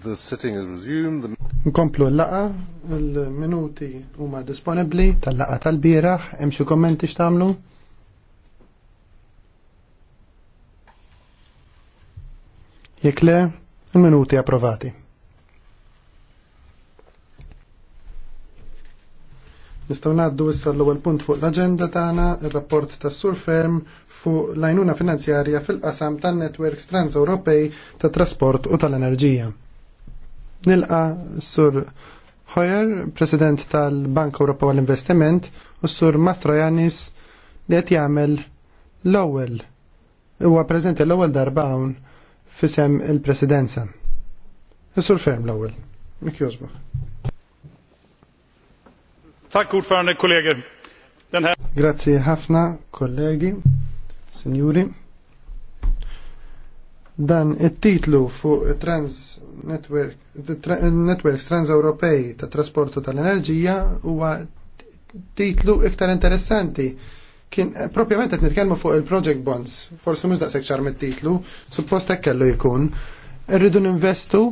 The sitting is resumed. Nkomplu l-laqa, l minuti huma disponibbli tal-laqa tal-bieraħ, hemm xi kommenti x'tagħmlu? Jekk le, il-minuti approvati. Nistaw naddu issa l-ewwel punt fuq l-aġenda tagħna ir-rapport tas-Sur Ferm fuq l-għajnuna finanzjarja fil-qasam tan-netwerks Trans-Ewropej tat trasport u tal-enerġija. Nilqa sur Hoyer, President tal-Bank Ewropew għal investiment u sur Mastrojanis li qed jagħmel l-ewwel huwa preżenti l-ewwel darba hawn fisem il-Presidenza. sur ferm l-ewwel. Mik Josbach. Tack ordförande Grazie ħafna kollegi, signori. Dan it-titlu fuq trans networks trans-Ewropej ta' trasportu tal-enerġija huwa titlu iktar interessanti. Kien propjament qed nitkellmu fuq il-project bonds, forsi mhux daqshekk ċar mit-titlu, suppost hekk kellu jkun. Irridu ninvestu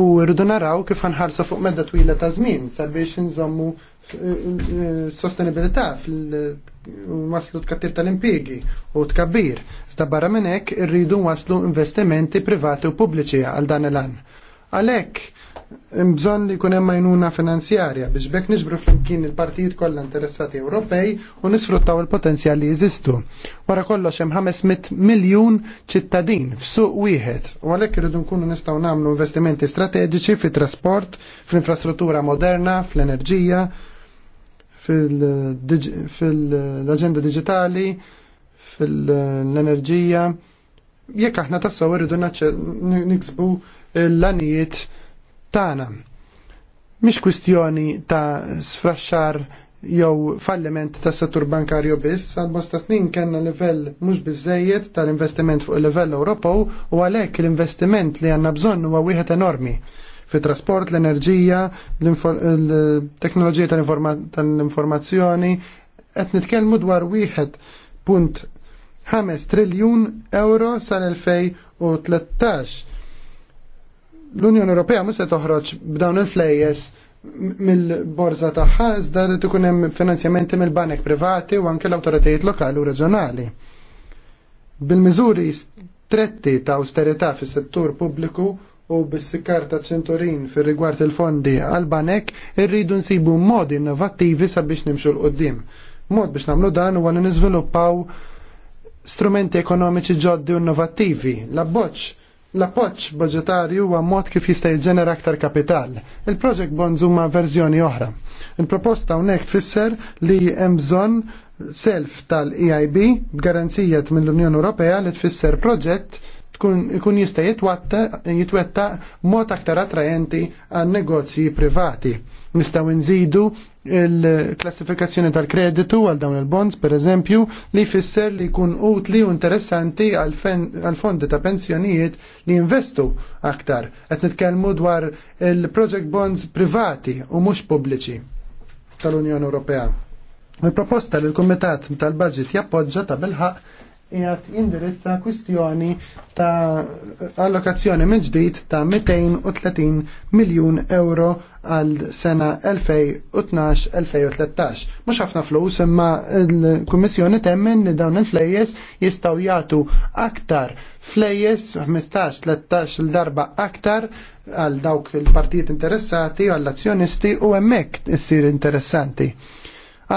u rridu naraw kif ħanħarsu fuq medda twila ta' żmien sabiex inżommu eh, eh, sostenibilità fil waslu tkattir tal impiegi u tkabbir. Sta barra minn hekk irridu waslu investimenti privati u pubbliċi għal dan il-an. Għalhekk bżonn li jkun hemm għajnuna finanzjarja biex bekk niġbru flimkien il-partijiet kollha interessati Ewropej u nisfruttaw il-potenzjal li jeżistu. Wara kollox hemm 500 miljun ċittadin f'suq wieħed u għalhekk irridu nkunu nistgħu nagħmlu investimenti strateġiċi fit-trasport, fl-infrastruttura moderna, fl-enerġija, fil-agenda digitali, fil-enerġija, jekk aħna tassaw irridu niksbu l-anijiet tagħna. Mhix kwistjoni ta' sfraxxar jew falliment tas settur bankarju biss, għal bosta snin kellna livell mhux biżejjed tal-investiment fuq il-livell Ewropew u għalhekk l-investiment li għandna bżonn huwa wieħed enormi fit trasport l-enerġija, l-teknoloġija tal-informazzjoni, qed nitkellmu dwar wieħed punt 5 triljun euro sal-2013. L-Unjoni Ewropea mhux se toħroġ b'dawn il-flejjes mill-borza tagħha iżda li tkun hemm finanzjamenti mill-banek privati u anke l-awtoritajiet lokali u reġjonali. Bil-miżuri stretti ta' austerità fis-settur pubbliku u bis-sikkar ta' ċenturin fir rigward il-fondi għal-banek irridu nsibu modi innovattivi sabiex nimxu l-qoddim. Mod biex namlu dan huwa għan nizviluppaw strumenti ekonomiċi ġoddi u innovattivi. L-abboċ L-appoċ budgetarju huwa mod kif jista' jiġġenera aktar kapital. Il-project bonds huma verżjoni oħra. Il-proposta hawnhekk tfisser li hemm bżonn self tal-EIB b'garanzijiet mill-Unjoni Ewropea li tfisser proġett tkun ikun jista' jitwetta mod aktar attrajenti għan negozji privati. Nistgħu nżidu il-klassifikazzjoni tal-kreditu għal dawn il-bonds, per eżempju, li fisser li jkun utli u interessanti għal fondi ta' pensjonijiet li investu aktar. Qed nitkellmu dwar il-project bonds privati u mhux pubbliċi tal-Unjoni Ewropea. Il-proposta li l-Kumitat tal-Budget jappoġġa ta' bilħaq qiegħed indirizza kwistjoni ta' allokazzjoni mill-ġdid ta' 230 miljun euro għal sena 2012-2013. Mhux ħafna flus imma l-Kummissjoni temmen li dawn il-flejjes jistgħu jagħtu aktar flejjes 15-13 darba aktar għal dawk il-partijiet interessati u għall-azzjonisti u hemmhekk issir interessanti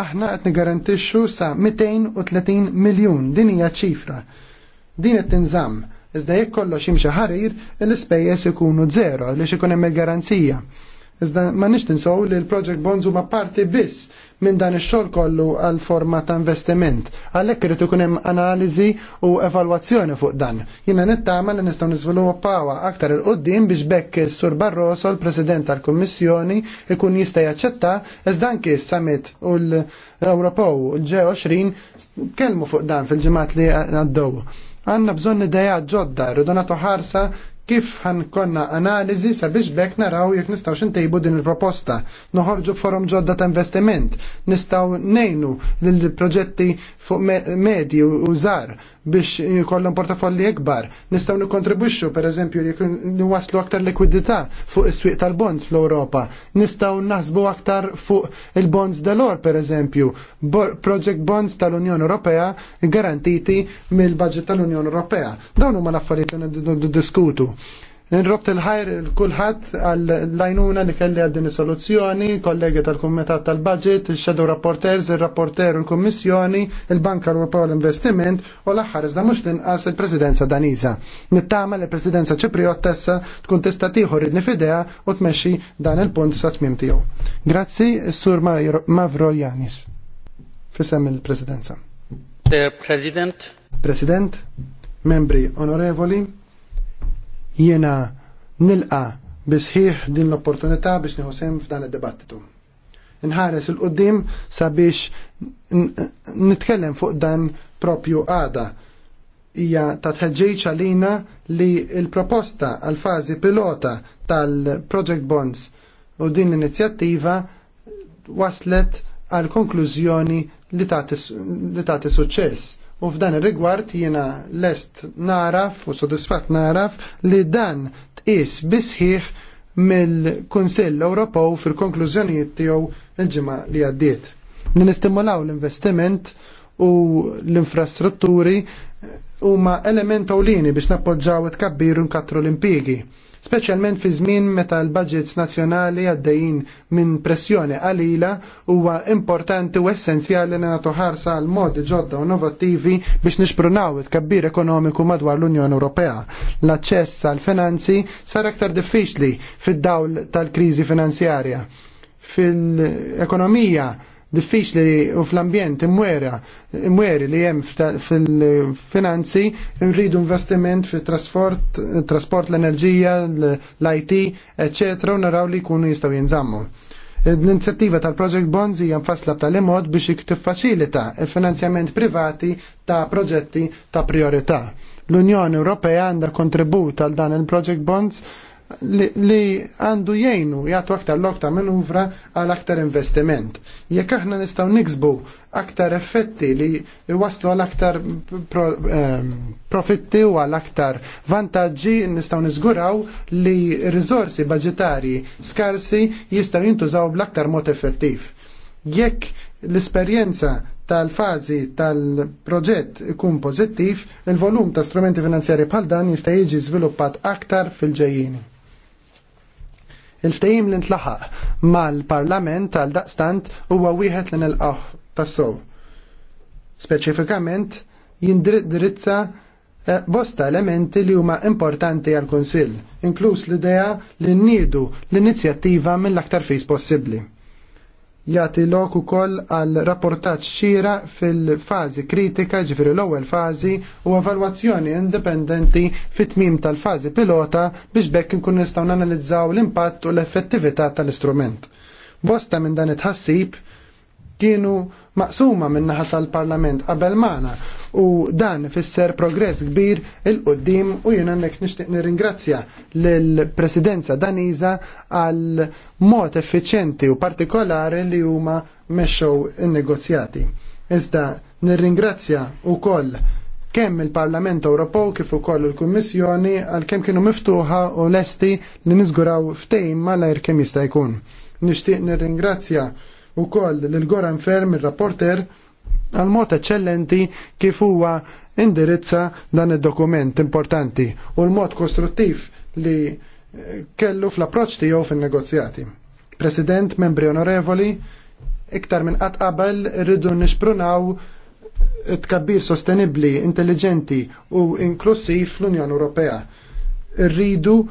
aħna qed nigarantixxu sa 230 miljun din hija ċifra. Din qed tinżamm iżda jekk kollox jimxi ħarir l-ispejjeż ikunu żero għaliex ikun hemm il-garanzija. Iżda ma nix ninsaw li l-Project Bonds huma parti biss minn dan ix-xogħol kollu għal forma ta' investiment. Għalhekk irid ikun hemm analiżi u evalwazzjoni fuq dan. Jiena nittama li nistgħu pawa aktar il qudiem biex bekk sur Barroso, l-President tal-Kummissjoni, ikun jista' jaċċetta iżda s summit u l-Ewropew l-G20 kellmu fuq dan fil-ġimgħat li għaddew għanna bżon ideja ġodda, rridu ħarsa kif konna analiżi sabiex bekk naraw jekk nistgħu xintejbu din il-proposta. Noħorġu forum ġodda ta' investiment, nistgħu nejnu lill proġetti fuq medju u żgħar biex jkollhom portafolli ikbar. Nistgħu nikkontribwixxu pereżempju li niwaslu aktar likwidità fuq is-swieq tal-bonds fl-Ewropa. Nistgħu naħsbu aktar fuq il-bonds dalor pereżempju, project bonds tal-Unjoni Ewropea garantiti mill-budget tal-Unjoni Ewropea. Dawn huma l-affarijiet li diskutu. Nrobt il-ħajr kulħadd għall-lajnuna li kelli għal din is-soluzzjoni, kollegi tal-Kumitat tal-Budget, il-Shadow Rapporters, il-Rapporter u l-Kummissjoni, il-Banka Europea l-Investiment u l-aħħar iżda mhux tinqas il-Presidenza Daniża. Nittama li presidenza Ċipriot tessa tkun tista' tieħu ridni f'idea u tmexxi dan il-punt sa tmiem tiegħu. Grazzi, Sur Mavro Janis. Fisem il-Presidenza. President. President, membri onorevoli, Jiena nilqa bisħiħ din l-opportunità biex nieħu sem f'dan id-dibattitu. Nħares il-qoddim sabiex nitkellem fuq dan propju għada hija ta' tħeġġeġ għalina li l-proposta għal fażi pilota tal-Project Bonds u din l-inizjattiva waslet għal konklużjoni li tagħti suċċess U f'dan ir-rigward jiena lest naraf u sodisfatt naraf li dan tqis bisħiħ mill-Kunsill Ewropew fil-konklużjonijiet tiegħu il ġimgħa li għaddiet. Ninistimulaw l-investiment u l-infrastrutturi huma element ewlieni biex nappoġġaw it-kabbir u nkattru l-impjiegi Speċjalment fi żmien meta l-budgets nazzjonali għaddejjin minn pressjoni qalila huwa importanti u essenzjali li nagħtu ħarsa għal modi ġodda u novattivi biex nixprunaw it-kabbir ekonomiku madwar l-Unjoni Ewropea. L-aċċess għal finanzi sar aktar diffiċli fid-dawl tal-kriżi finanzjarja. Fil-ekonomija diffiċli u fl-ambjent imwera, imweri li jem fil-finanzi, rridu investiment fil trasport trasport l-enerġija, l-IT, ecc. u naraw li kunu jistaw jinżammu. L-inizjattiva tal-Project Bonds hija mfassla b'tali mod biex tiffaċilita il-finanzjament privati ta' proġetti ta' priorità. L-Unjoni Ewropea għandha kontribut għal dan il-Project Bonds li għandu jgħinu jgħatu aktar lokta manuvra għal aktar investiment. Jekk aħna nistgħu niksbu aktar effetti li waslu għal aktar pro, eh, profitti u għal aktar vantaġġi nistgħu niżguraw li rizorsi budgetari skarsi jistgħu jintużaw bl-aktar mod effettiv. Jekk l-esperjenza tal-fazi tal-proġett ikun pożittiv, il-volum ta' strumenti finanzjari bħal dan jista' jiġi żviluppat aktar fil-ġejjieni. Il-ftehim li ntlaħaq mal-Parlament tal daqstant huwa wieħed li nilqaħ tassow. Speċifikament jindirizza eh, bosta elementi li huma importanti għal kunsill inkluż l-idea li nniedu l-inizjattiva mill-aktar fis possibbli jati loku ukoll għal rapportaġġ xira fil-fażi kritika, ġifieri l-ewwel fażi, u evalwazzjoni indipendenti fit-tmim tal-fażi pilota biex bekk nkun nistgħu nanalizzaw l-impatt u l-effettività tal-istrument. Bosta minn dan it-ħassib kienu maqsuma min-naħa tal-Parlament qabel magħna u dan fisser progress kbir il-qoddim u jien għandek nixtieq nirringrazzja lill-Presidenza daniza għal mod effiċenti u partikolari li huma mexxew il negozjati Iżda nirringrazzja wkoll kemm il-Parlament Ewropew kif ukoll il-Kummissjoni għal kemm kienu miftuħa u lesti li niżguraw ftehim malajr kemm jista' jkun. Nixtieq nirringrazzja u koll l-Goran Ferm, il-rapporter, għal mod eccellenti kif huwa indirizza dan id-dokument importanti u l-mod kostruttiv li eh, kellu fl-approċ tiegħu fin-negozjati. President, membri onorevoli, iktar minn qatt qabel rridu nixprunaw tkabbir sostenibli, intelligenti u inklusiv fl-Unjoni Ewropea rridu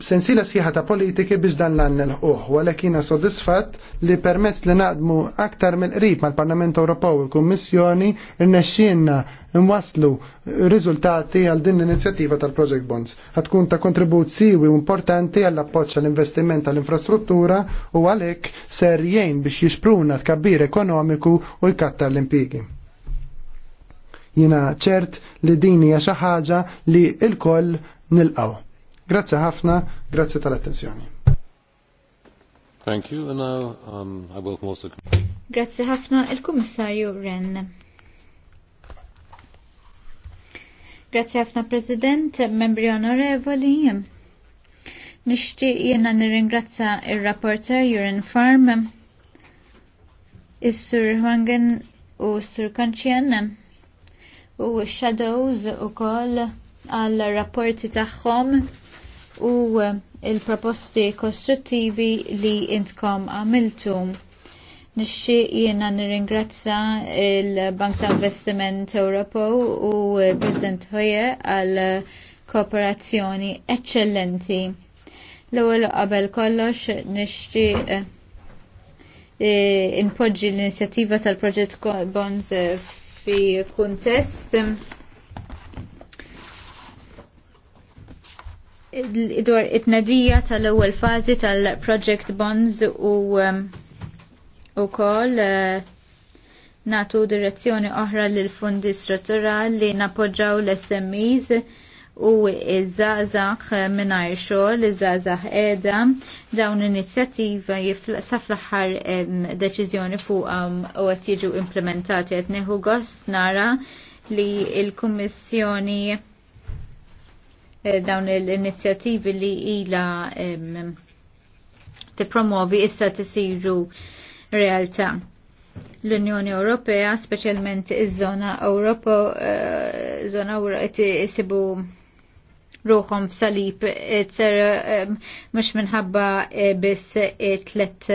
sensila sħiħa ta' politiki biex dan l-għan l-ħuħ, għalekina soddisfat li permezz li naqdmu aktar mill-qrib mal-Parlament Ewropew u l-Kommissjoni rnexxienna nwaslu riżultati għal din l-inizjattiva tal-Project Bonds. Għatkun ta' kontribut siwi importanti għall appoġġ għall-investiment tal-infrastruttura u għalek ser jgħin biex t tkabbir ekonomiku u jkattar l-impjegi jina ċert li dini hija xi ħaġa li il koll nilqaw. Grazzi ħafna, grazie tal-attenzjoni. Thank you, and now um, I welcome also... ħafna il-Kummissarju Ren. Grazie ħafna President, membri onorevoli. Nixtieq jiena nirringrazza il rapporter Juren Farm, il sur Hwangen u sur Kanċjan u Shadows shadows ukoll għall rapporti tagħhom u eh, il-proposti kostruttivi li intkom għamiltu. Nixxi jiena nirringrazza il-Bank ta' Investiment Ewropo u l-President Hoye għal kooperazzjoni eccellenti. L-ewwel qabel kollox nixtieq eh, eh, inpoġġi l-inizjattiva tal-proġett Bonds fi kuntest id-dwar it-nadija tal-ewwel fażi tal-Project Bonds u wkoll um, uh, natu direzzjoni oħra lil fondi strutturali li napoġġaw l-SMEs u iż-żazax mingħajr xogħol, iż żaħ qiegħda dawn inizjattiva sa fl-aħħar deċiżjoni fuq u qed jiġu implementati qed neħu gost nara li l-Kummissjoni Eh, dawn l-inizjattivi li ila tipromovi issa tisiru realtà. L-Unjoni Ewropea, speċjalment iż-żona Ewropa, eh, żona eh, isibu ruħom f'salib ser mhux minħabba biss tlet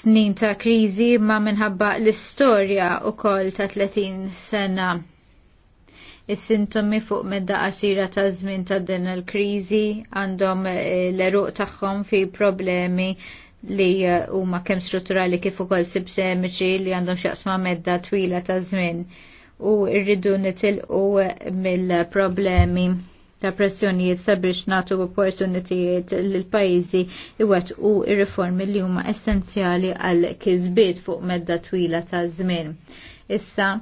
snin ta' kriżi ma minħabba l-istorja wkoll ta' 30 sena is-sintomi fuq medda qasira ta' żmien ta' din il-kriżi għandhom eh, l-eruq tagħhom fi problemi li eh, huma kemm strutturali kif ukoll sibsemiċi li għandhom x'jaqsma medda twila ta' żmien u rridu nitilqu mill-problemi ta' pressjonijiet sabiex nagħtu opportunitijiet lil pajjiżi iwettqu r riformi li huma essenzjali għal kisbiet fuq medda twila ta' żmien. Issa,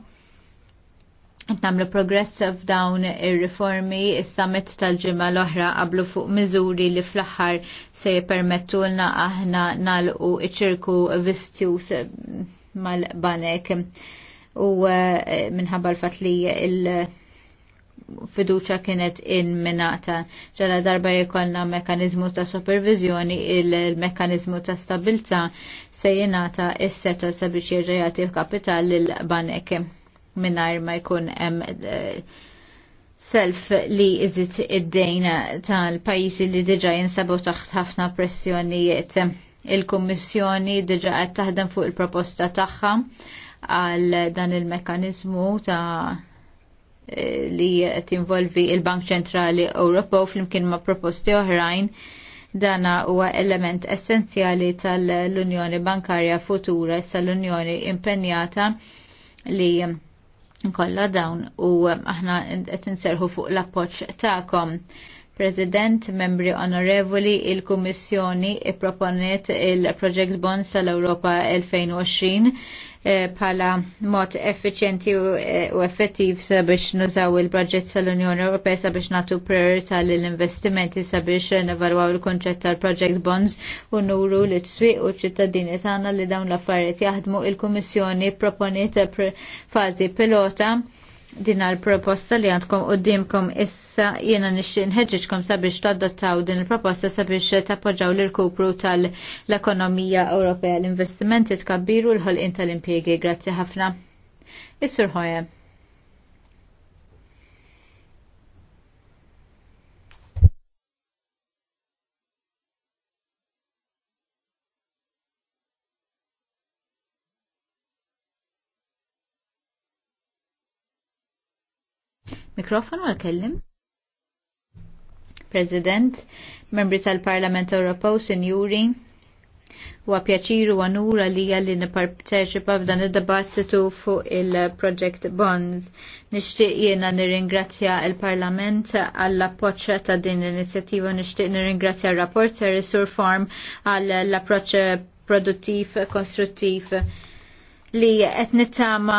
Namlu progress f'dawn ir-riformi, is-summit tal-ġimgħa l-oħra qablu fuq miżuri li fl-aħħar se jippermettulna aħna nalqu iċ-ċirku vistjus mal-banek u eh, minħabba l-fat li il- fiduċa kienet inminata. Ġala darba jkollna mekanizmu ta' supervizjoni, il-mekanizmu ta' stabilta se jenata is-seta sabiex jirġajati kapital l-banek minnajr ma jkun hemm eh, self li iżit id-dejn tal-pajjiżi li diġa jinsabu taħt ħafna pressjonijiet. Il-Kummissjoni diġa qed taħdem fuq il-proposta tagħha għal dan il-mekanizmu ta' eh, li tinvolvi il-Bank Ċentrali u flimkien ma' proposti oħrajn dana huwa element essenzjali tal-Unjoni Bankarja Futura sal l-Unjoni impenjata li nkolla dawn u um, aħna qed inserħu fuq l-appoġġ tagħkom. President, membri onorevoli, il-Kummissjoni proponiet il-Project Bonds tal-Europa 2020 Eh, bħala mod effiċjenti eh, u effettiv sabiex nużaw il-proġett tal-Unjoni Ewropea sabiex natu priorità l-investimenti sabiex nevalwaw il-konċett tal-project bonds u nuru li t u ċittadini tagħna li dawn l-affarijiet jaħdmu il-Kummissjoni proponiet fażi pilota din għal-proposta li għandkom dimkom issa jiena nixin nħeġġiġkom sabiex tadottaw din il-proposta sabiex tappoġġaw l kupru tal-ekonomija Ewropea l-investimenti tkabbiru l-ħolqien tal impiegi Grazzi ħafna. Issur ħoja. Mikrofonu għal-kellim. President, membri tal-Parlament Ewropew, Sinjuri, huwa għapjaċiru għanura li għalli nipparteċipa f'dan id-dibattitu fuq il-Project Bonds. Nixtieq jiena nirringrazzja il-Parlament għall appoċċa ta' din l-inizjattiva, nixtieq nirringrazzja r-rapporter Sur Farm għall approċċ produttiv, konstruttiv li qed nittama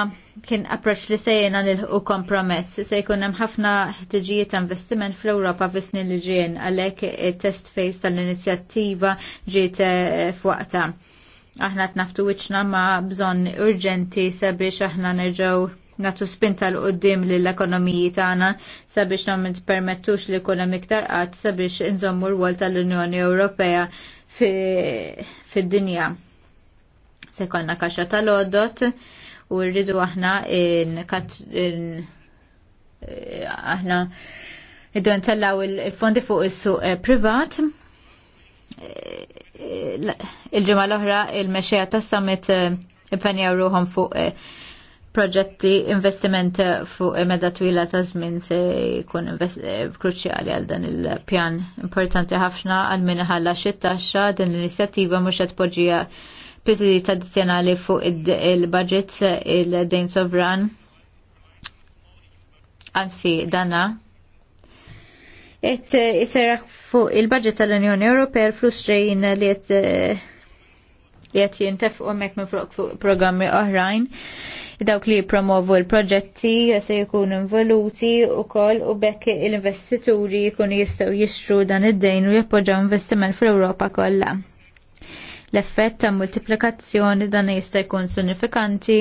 kien approċ li sejjena u kompromess. Se jkun hemm ħafna ħtiġijiet ta' investiment fl-Ewropa fis snin li ġien għalhekk test face tal-inizjattiva ġiet eh, f'waqta. Aħna qed naftu wiċċna ma' bżonn urġenti sabiex aħna nerġgħu natu spinta l-qoddim l-ekonomiji tagħna sabiex ma permettux li jkun hemm iktar qatt sabiex inżommu l-wol tal-Unjoni Ewropea fid-dinja se kaxa tal-oddot u rridu aħna eh, aħna rridu ntellaw il-fondi fuq is-suq eh, privat. Eh, il-ġimgħa l-oħra il-mexxejja tas-summit impenjaw ruhom fuq proġetti investiment fuq meda twila ta' żmien se jkun kruċjali għal dan il-pjan importanti ħafna għal min ħalla xi taxxa din l-inizjattiva mhux qed poġġija piżijiet tradizjonali fuq il-budget il-dejn sovran. Anzi, dana et jiseraħ eh, fuq il-budget tal-Unjoni Ewropea l-flus ġejjin li qed eh, li jintef u hemmhekk minn fuq programmi oħrajn. Dawk li promovu l-proġetti se jkunu involuti wkoll u bekk l-investituri jkunu jistgħu jistru dan id-dejn u jappoġaw investiment fl-Ewropa kollha. L-effett ta' multiplikazzjoni dan jista' jkun sinifikanti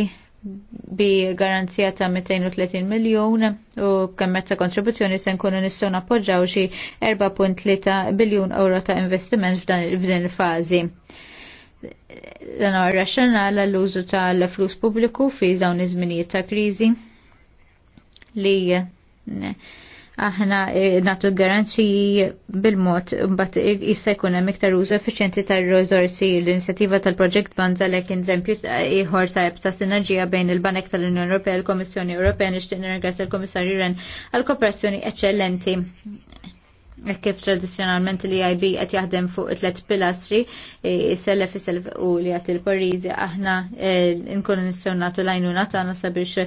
bi garanzija ta' 230 miljon u kemmet ta' kontribuzzjoni se nkunu nistgħu nappoġġaw xi 4.3 biljun euro ta' investiment f'din il-fażi dan razzjonali għall-użu tal-flus pubbliku fi dawn iż-żminijiet ta' kriżi li aħna eh, natu garanzi bil-mod mbagħad eh, issa jkun hemm iktar użu effiċjenti tar-riżorsi l-inizjattiva tal-Project Banza lek eżempju ieħor tajb ta' sinerġija bejn il-Banek tal-Unjoni Ewropea l komissjoni Ewropea nixtieq nirringrazzja l-Kummissarju Ren għall-kooperazzjoni eċċellenti eh, kif tradizjonalment li IB qed jaħdem fuq tliet pilastri, is-sellef is sellef u li qed il-pariżi aħna nkunu nistgħu nagħtu għajnuna tagħna sabiex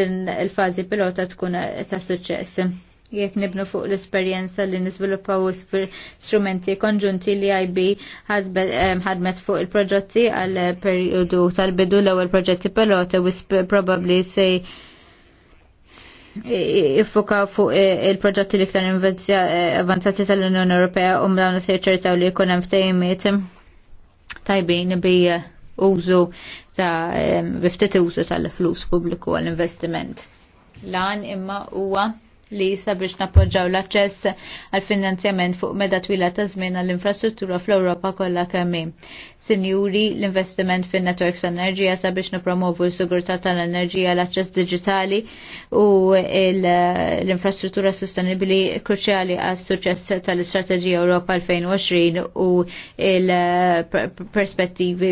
din il-fażi pilota tkun ta' suċċess jekk nibnu fuq l-esperjenza li nisviluppaw strumenti konġunti li IB ħadmet fuq il-proġetti għal periodu tal-bidu l-ewwel proġetti pilota u probably se iffuka fuq il-proġetti li ktar eh, avanzati tal-Unjoni Ewropea u mdawn se jċertaw li jkun hemm ftehimiet tajbin bi użu ta' biftit użu tal-flus pubbliku għall-investiment. Lan imma huwa li sabiex nappoġġaw l-aċċess għal finanzjament fuq meda twila ta' żmien għall infrastruttura fl-Ewropa kollha kemm Sinjuri l-investiment fin networks enerġija sabiex nipromovu s-sigurtà tal-enerġija l-aċċess digitali u l-infrastruttura sostenibili kruċjali għas suċċess tal-Istrateġija Ewropa 2020 u l-perspettivi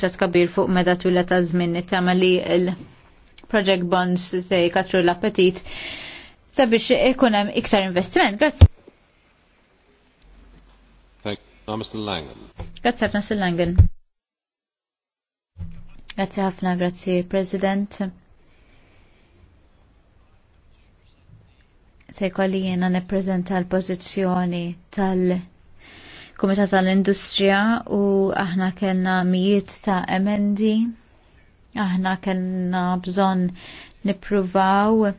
ta' tkabir fuq meda twila ta' żmien nittama li l-Project Bonds se jkatru l-appetit sabiex ikun hemm iktar investiment. Grazzi. Thank you, Mr. Langen. Grazzi ħafna Mr. Langen. Grazzi ħafna, grazzi President. Se jkolli jiena nippreżenta l-pożizzjoni tal- Kumitat tal-Industrija u aħna kellna mijiet ta' emendi, aħna kellna bżonn nippruvaw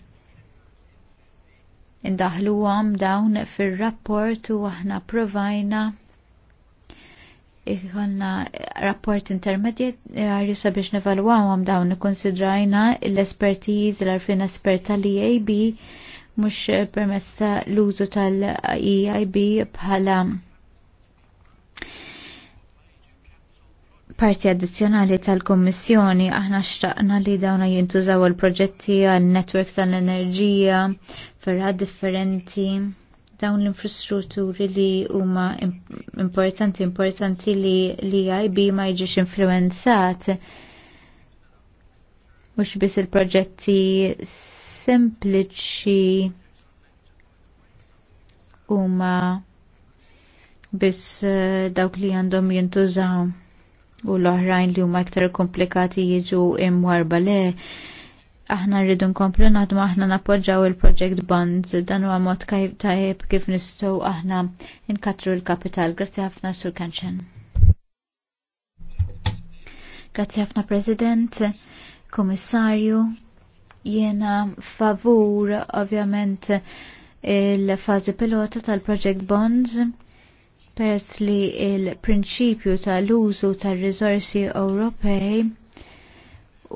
għam dawn fir-rapport u aħna provajna iħanna rapport intermedjarju sabiex għam dawn konsidrajna l-espertiz l-arfin esperta tal-EAB mux permessa l-użu tal-EIB bħala parti addizzjonali tal-Kommissjoni aħna xtaqna li dawna jintużaw il-proġetti għal netwerks tal-enerġija, opera differenti dawn l-infrastrutturi li huma importanti importanti li li IB ma jiġix influenzat mhux biss il-proġetti sempliċi huma biss eh, dawk li għandhom jintużaw u l-oħrajn li huma iktar komplikati jiġu imwarba le aħna rridu nkomplu naħdmu aħna nappoġġaw il-Project Bonds dan huwa mod tajjeb kif nistgħu aħna nkatru l-kapital. Grazzi ħafna sur kanxen. Grazzi ħafna President, Kummissarju, jiena favur ovvjament il-fażi pilota tal-Project Bonds peress li il-prinċipju tal-użu tal rizorsi Ewropej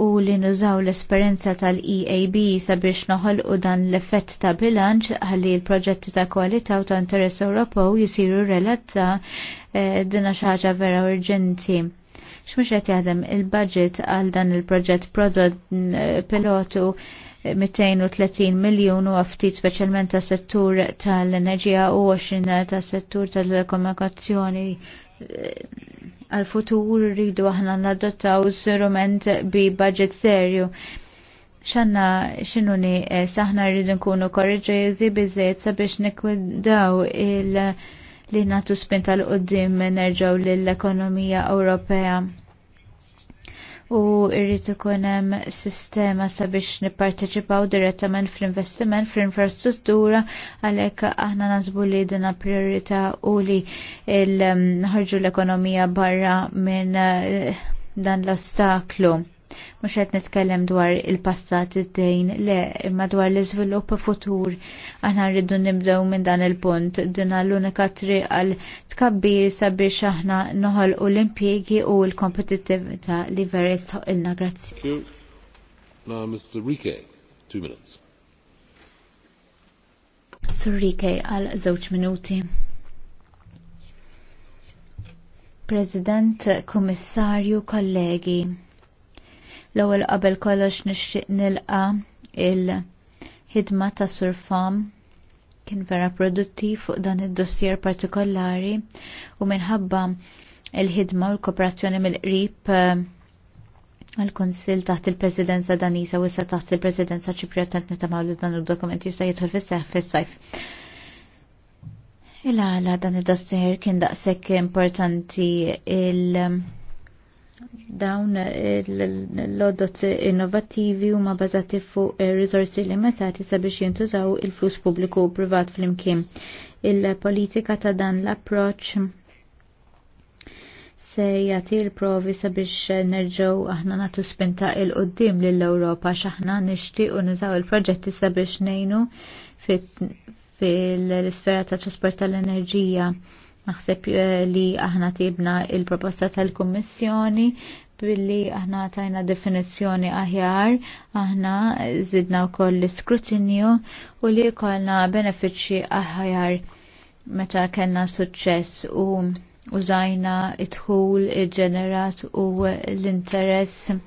u li nużaw l-esperjenza tal-EAB sabiex noħolqu dan l-effett ta' bilanċ ħalli l-proġetti ta' kwalità u ta' interess Ewropew jisiru relatta eh, dina xi ħaġa vera urġenti xmux qed jaħdem il-budget għal dan il-proġett prodott eh, pilotu 230 eh, miljon u ftit speċjalment tas settur tal-enerġija u 20 tas settur tal-telekomunikazzjoni għal-futur rridu aħna nadottaw strument bi budget serju. ċanna xinu nieqes eh, aħna rridu nkunu korreġezi bizzet sabiex nikwidaw il- li natu spinta l-qoddim nerġaw l-ekonomija Ewropea u rrid ikun hemm sistema sabiex nipparteċipaw direttament fl-investiment fl-infrastruttura għalhekk aħna nasbu li dina priorità u li ħarġu l-ekonomija barra minn eh, dan l-ostaklu. Mhux qed nitkellem dwar il-passat id-dejn, le, imma dwar l-iżvilupp futur. Aħna rridu nibdew minn dan il-punt, dina l-unika triq għal tkabbir sabiex aħna noħolqu l-impjiegi u l kompetitività li vera jistħoqilna grazzi. Now, Mr. Rike, two minutes. Sur Rike għal żewġ minuti. President, Kommissarju, kollegi. L-ewwel qabel kollox nixtieq nilqa il-ħidma ta' surfam kien vera produttiv fuq dan id-dossier partikolari u minħabba il-ħidma u l-kooperazzjoni mill-qrib eh, għal-Konsil taħt il-Presidenza Danisa u issa taħt il-Presidenza nitamaw li dan il-dokument jista' jidħol fis seħħ fis-sajf. Il-għala dan id dossier kien daqshekk importanti il- dawn l lodot innovativi huma bażati fuq risorsi limitati sabiex jintużaw il-flus pubbliku u privat flimkien. Il-politika ta' dan l-approċ se jagħti l-provi sabiex nerġgħu aħna nagħtu spinta il qudiem lill-Ewropa x'aħna u niżaw il-proġetti sabiex ngħinu fil-sfera tat trasport tal-enerġija. Naħseb eh, li aħna tibna il-proposta tal-Kommissjoni billi aħna tajna definizzjoni aħjar, aħna zidna u koll l-skrutinju u li kollna benefiċi aħjar meta kellna suċċess u użajna it-ħul, il-ġenerat u l-interess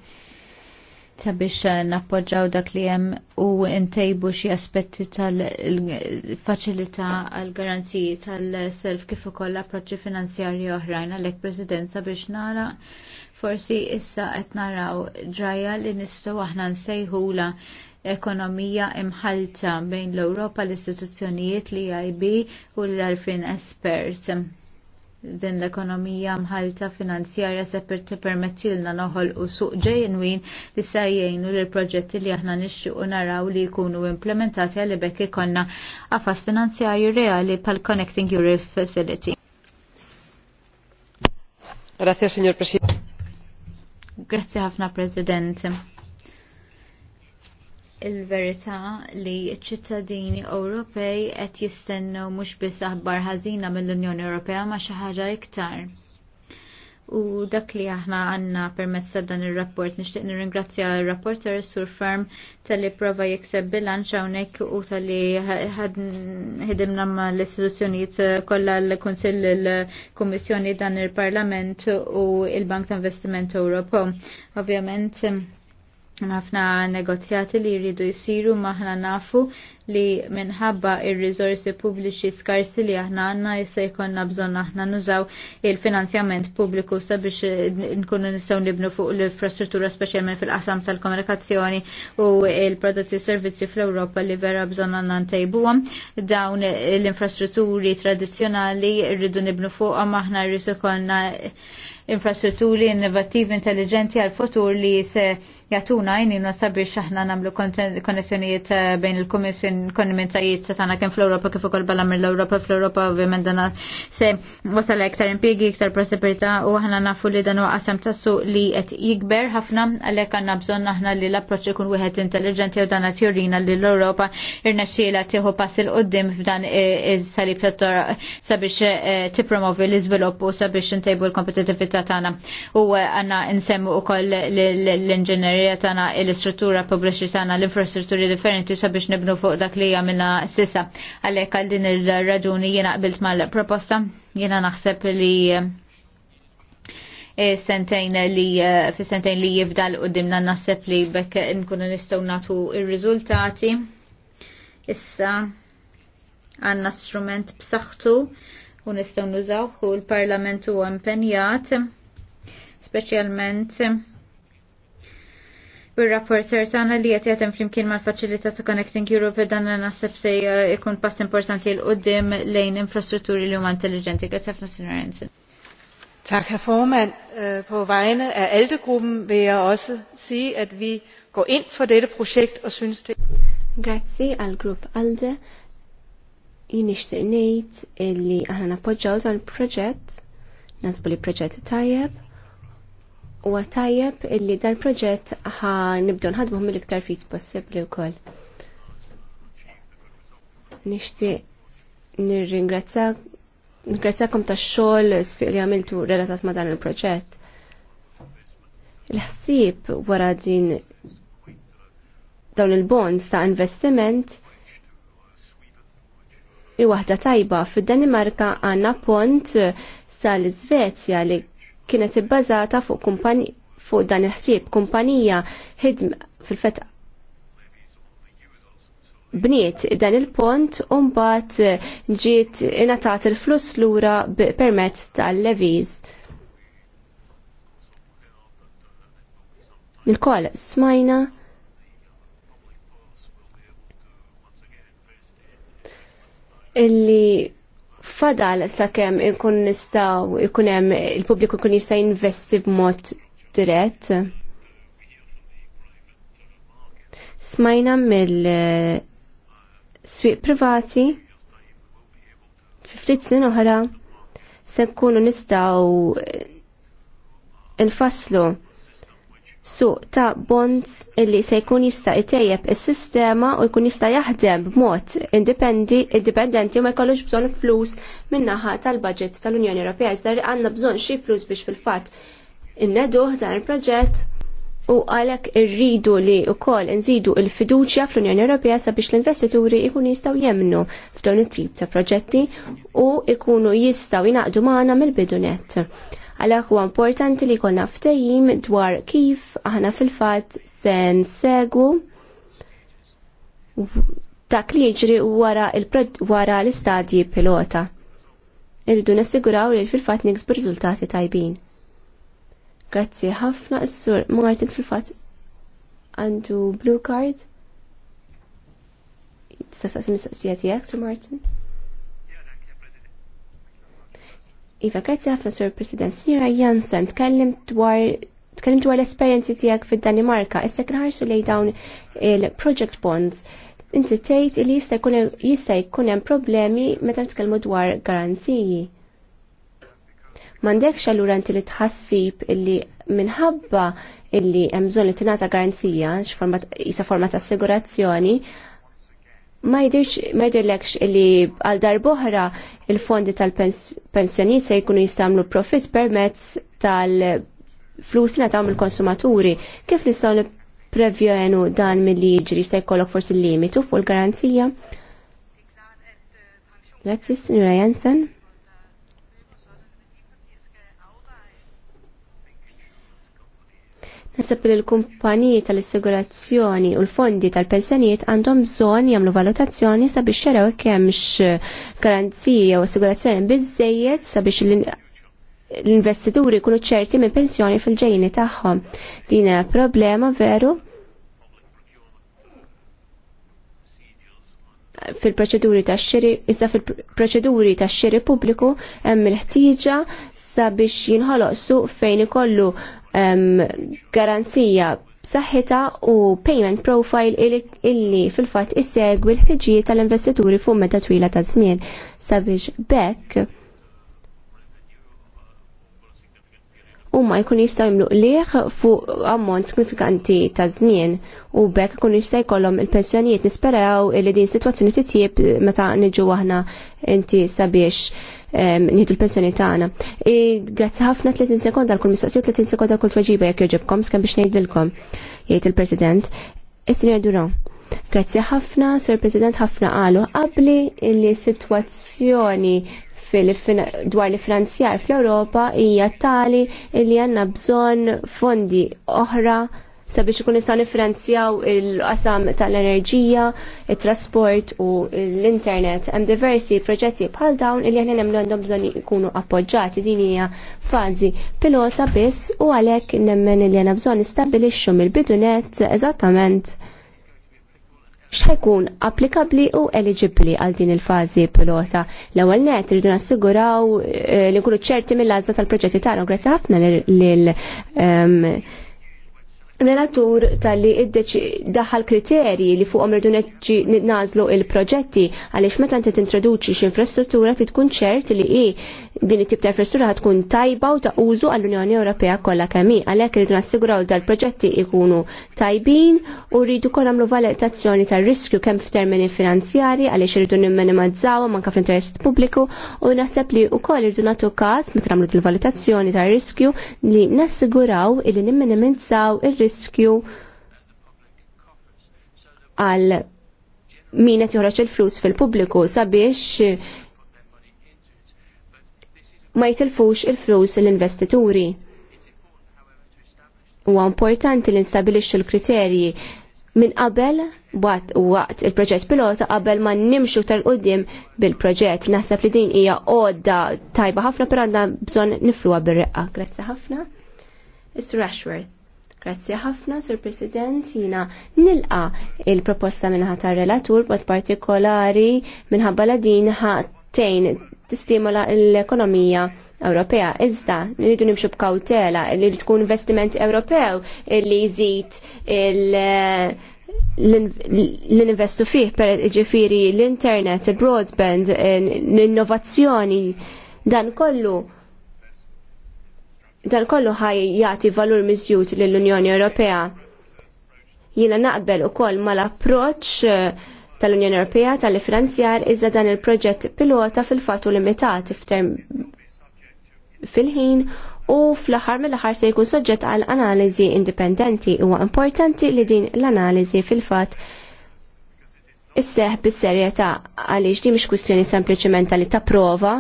sabiex eh, nappoġġaw dak li hemm u ntejbu xi aspetti tal-faċilità għal garanziji tal-self kif ukoll approċċi finanzjarji oħrajn għalhekk Presidenza biex nara forsi issa qed naraw ġraja li nistgħu aħna nsejħula ekonomija imħalta bejn l-Ewropa l-istituzzjonijiet li IB u l għarfien espert din l-ekonomija mħalta finanzjarja se permettilna noħol u suq ġejnwin li se jgħinu l proġetti li aħna nixtiequ naraw li jkunu implementati għalli bekk ikonna għafas finanzjarju reali pal Connecting Europe Facility. Grazie, signor Presidente. Grazie ħafna, President il-verità li ċ-ċittadini Ewropej qed jistennew mhux biss aħbar ħażina mill-Unjoni Ewropea ma xi ħaġa iktar. U dak li aħna għandna permezz ta' dan ir-rapport nixtieq nirringrazzja r-rapporter Sur Ferm tal-li prova jikseb bilanċ hawnhekk u tal-li ħidimna ma l-istituzzjonijiet kollha l-Kunsill il-Kummissjoni dan il-Parlament u il-Bank ta' Investiment Ewropew. Ovvjament ħafna negozjati li jridu jisiru maħna nafu li minħabba ir-riżorsi pubbliċi skarsi li aħna għanna jissa jkonna bżon aħna nużaw il-finanzjament pubbliku sabiex nkunu nistgħu nibnu fuq l-infrastruttura speċjalment fil-qasam tal-komunikazzjoni u il-prodotti servizzi fl-Ewropa li vera bżon għanna ntejbuhom. Dawn l-infrastrutturi tradizzjonali rridu nibnu fuqhom aħna rridu konna infrastrutturi innovativi intelligenti għal-futur li se jatuna unajn jina sabiex aħna namlu konnessjonijiet eh, bejn il-kommissjonimentajiet tana kemm fl europa kif ukoll bala mill europa fl u ovvjament dana se wasal iktar impiegi iktar prosperita u aħna nafu li dan huwa qasam tassu li qed jikber ħafna għalhekk għandna bżonn aħna li l-approċċ ikun wieħed intelligenti u dana tjurina li l-Ewropa irnexxiela tieħu pass il qudiem f'dan eh, is-salib sabiex eh, tippromovi l-iżvilupp u sabiex intejbu l-kompetitività tagħna u għandna nsemmu ukoll l-inġinerija tagħna tagħna l-istruttura pubbliċi tagħna l-infrastrutturi differenti sabiex nibnu fuq dak li għamilna sissa. Għalhekk għal din ir-raġuni jiena qbilt mal-proposta, jiena naħseb li eh, sentejn li eh, fi sentejn li jifdal qudiemna naħseb li bekk nkunu nistgħu nagħtu r riżultati Issa għandna strument b'saħħtu u nistgħu nużawh u l-Parlament huwa impenjat speċjalment il rapporter tagħna li qed jatem flimkien mal-faċilità ta' Connecting Europe dan naħseb se jkun eh, pass importanti l qoddim lejn infrastrutturi li huma intelligenti. Grazzi ħafna Sr. Hansen. Tak, herr formand. Eh, på vegne af alde vil jeg også sige, at vi går ind for dette projekt og synes det... Grazie al grupp ALDE. Jien nixtieq ngħid aħna nappoġġaw dan il-proġett, nasbu li proġett tajjeb u għatajjeb illi dar proġett ħa nibdu nħadmuhom mill-iktar fit possibbli wkoll. Nixtieq nir nirringrazzakom tax-xogħol sfiq li għamiltu relatat ma' dan il-proġett. Il-ħsieb wara din dawn il-bonds ta' investiment il-waħda tajba fid-Danimarka għandna pont sal-Iżvezja li kienet ibbażata fuq kumpanija fuq dan il-ħsieb kumpanija ħidm fil-fett bniet dan il-pont umbat eh, ġiet inatat il-flus lura permezz tal-leviz. Il-kol smajna illi fadal sakemm ikun nistgħu ikun hemm il-pubbliku jkun jista' jinvesti b'mod dirett. Smajna mill eh, swieq privati fi ftit snin oħra se nkunu nistgħu eh, nfasslu suq ta' bonds illi se jkun jista' itejjeb is-sistema u jkun jista' jaħdem b'mod indipendenti u ma jkollux bżonn flus min-naħa tal-budget tal-Unjoni Ewropea iżda li għandna bżonn xi flus biex fil-fatt inneduh dan il-proġett u għalek irridu li u kol nżidu il-fiduċja fl-Unjoni Ewropea sabiex l-investituri ikun jistaw jemnu f'dawn it-tip ta' proġetti u ikunu jistaw jinaqdu maħna mill-bidunet. Għalhekk huwa importanti li jkollna ftehim dwar kif aħna fil-fatt se segu dak li jiġri wara, wara l-istadji pilota. Irridu nassiguraw li fil-fatt niksbu riżultati tajbin. Grazzi ħafna s-sur Martin fil-fatt għandu blue card. Tista' saqsi mistoqsija tiegħek, Sir Martin? Iva, grazie ħafna Sur President. Sira Jansen, tkellim dwar tkellim dwar l-esperjenzi tiegħek fid-Danimarka, issa nħarsu lej dawn il-project bonds. Inti tgħid li jista' jkun hemm problemi meta tkellmu dwar garanziji. M'għandekx allura inti li tħassib illi minħabba illi hemm bżonn li tingħata garanzija x'forma isa forma ta' assigurazzjoni, ma jidirx ma li għal darboħra il-fondi tal-pensjoniet se jkunu jistamlu profit permezz tal-flus li għatam il-konsumaturi. Kif nistaw prevjenu dan mill-li se jkollok forsi limitu fuq il-garanzija? Grazie, signora Jensen. Nasab li l-kumpaniji tal-assigurazzjoni u l-fondi tal-pensjonijiet għandhom bżonn jagħmlu valutazzjoni sabiex jaraw kemmx garanzija u assigurazzjoni biżejjed sabiex l-investituri jkunu ċerti minn pensjoni fil-ġejjini tagħhom. Din hija problema veru fil-proċeduri tax xiri, iżda fil-proċeduri tax xiri pubbliku hemm il-ħtieġa sabiex jinħoloq suq fejn ikollu garanzija b'saħħita u payment profile illi fil-fatt issegwi l-ħtiġijiet tal-investituri fuq meta twila ta' żmien sabiex bekk u ma jkun jistgħu jimlu liħ fuq ammont signifikanti ta' żmien u bekk ikun jista' jkollhom il-pensjonijiet nisperaw li din sitwazzjoni titjib meta niġu aħna inti sabiex nħidu l-pensjoni tagħna. Grazzi ħafna 30 sekonda għal kull mistoqsija 30 sekonda kull tweġiba jekk jogħġobkom skemm biex ngħidilkom jgħid il-President. Is-Sinjor Duran. Grazzi ħafna, Sur President ħafna qalu qabli li situazzjoni dwar li finanzjar fl-Ewropa hija tali li għandna bżonn fondi oħra sabiex ikun nistgħu nifferenzjaw il-qasam tal-enerġija, it-trasport u l-internet. Hemm diversi proġetti bħal dawn li aħna nemmnu għandhom bżonn ikunu appoġġjati din hija fażi pilota biss u għalhekk nemmen li għandna bżonn nistabbilixxu mill-bidunet eżattament xħajkun applikabli u eligibli għal din il-fazi pilota. L-ewwel net rridu nassiguraw eh, li nkunu ċerti mill-għażla tal-proġetti tagħna. Grazzi ħafna lil ehm, relatur tal-li daħal kriterji li fuqhom rridu nazlu il-proġetti għaliex meta inti tintroduċi x'infrastruttura ti tkun ċert li hi din it-tip ta' infrastruttura tkun tajba u ta' użu għall-Unjoni Ewropea kollha kemm hi. Għalhekk irridu nassiguraw dal-proġetti ikunu tajbin u rridu kol nagħmlu valutazzjoni tar-riskju kemm f'termini finanzjari għaliex irridu nimminimizzaw manka f'interess interess pubbliku u naħseb li wkoll irridu nagħtu każ meta nagħmlu il valutazzjoni tar-riskju li nassiguraw li nimminimizzaw ir-riskju riskju għal min qed joħroġ il-flus fil-pubbliku sabiex ma jitilfux il-flus l-investituri. Huwa importanti li nstabilixxu l-kriterji minn qabel waqt il-proġett pilota qabel ma nimxu tal-qudiem bil-proġett. Naħseb li din hija għodda tajba ħafna per għandha bżonn nifluha bir-reqqa. Grazzi ħafna. Mr. Rashworth. Grazzi ħafna, Sur President, jina nilqa il-proposta minnaħa tar relatur bot partikolari minħabba la din ħattejn tistimola l-ekonomija Ewropea. Iżda, nridu nimxu b'kawtela li tkun investiment Ewropew li jżid il- l-investu fih per ġifiri l-internet, il-broadband, l-innovazzjoni, dan kollu dan kollu ħaj jagħti valur miżjud lill-Unjoni Ewropea. Jiena naqbel ukoll mal-approċċ eh, tal-Unjoni Ewropea tal franzjar iżda dan il-proġett pilota fil-fatu limitat fil-ħin u fl-aħħar mill-aħħar se jkun soġġett għal analiżi indipendenti huwa importanti li din l-analiżi fil-fatt isseħ bis-serjetà għaliex din mhix kwistjoni sempliċement li ta' prova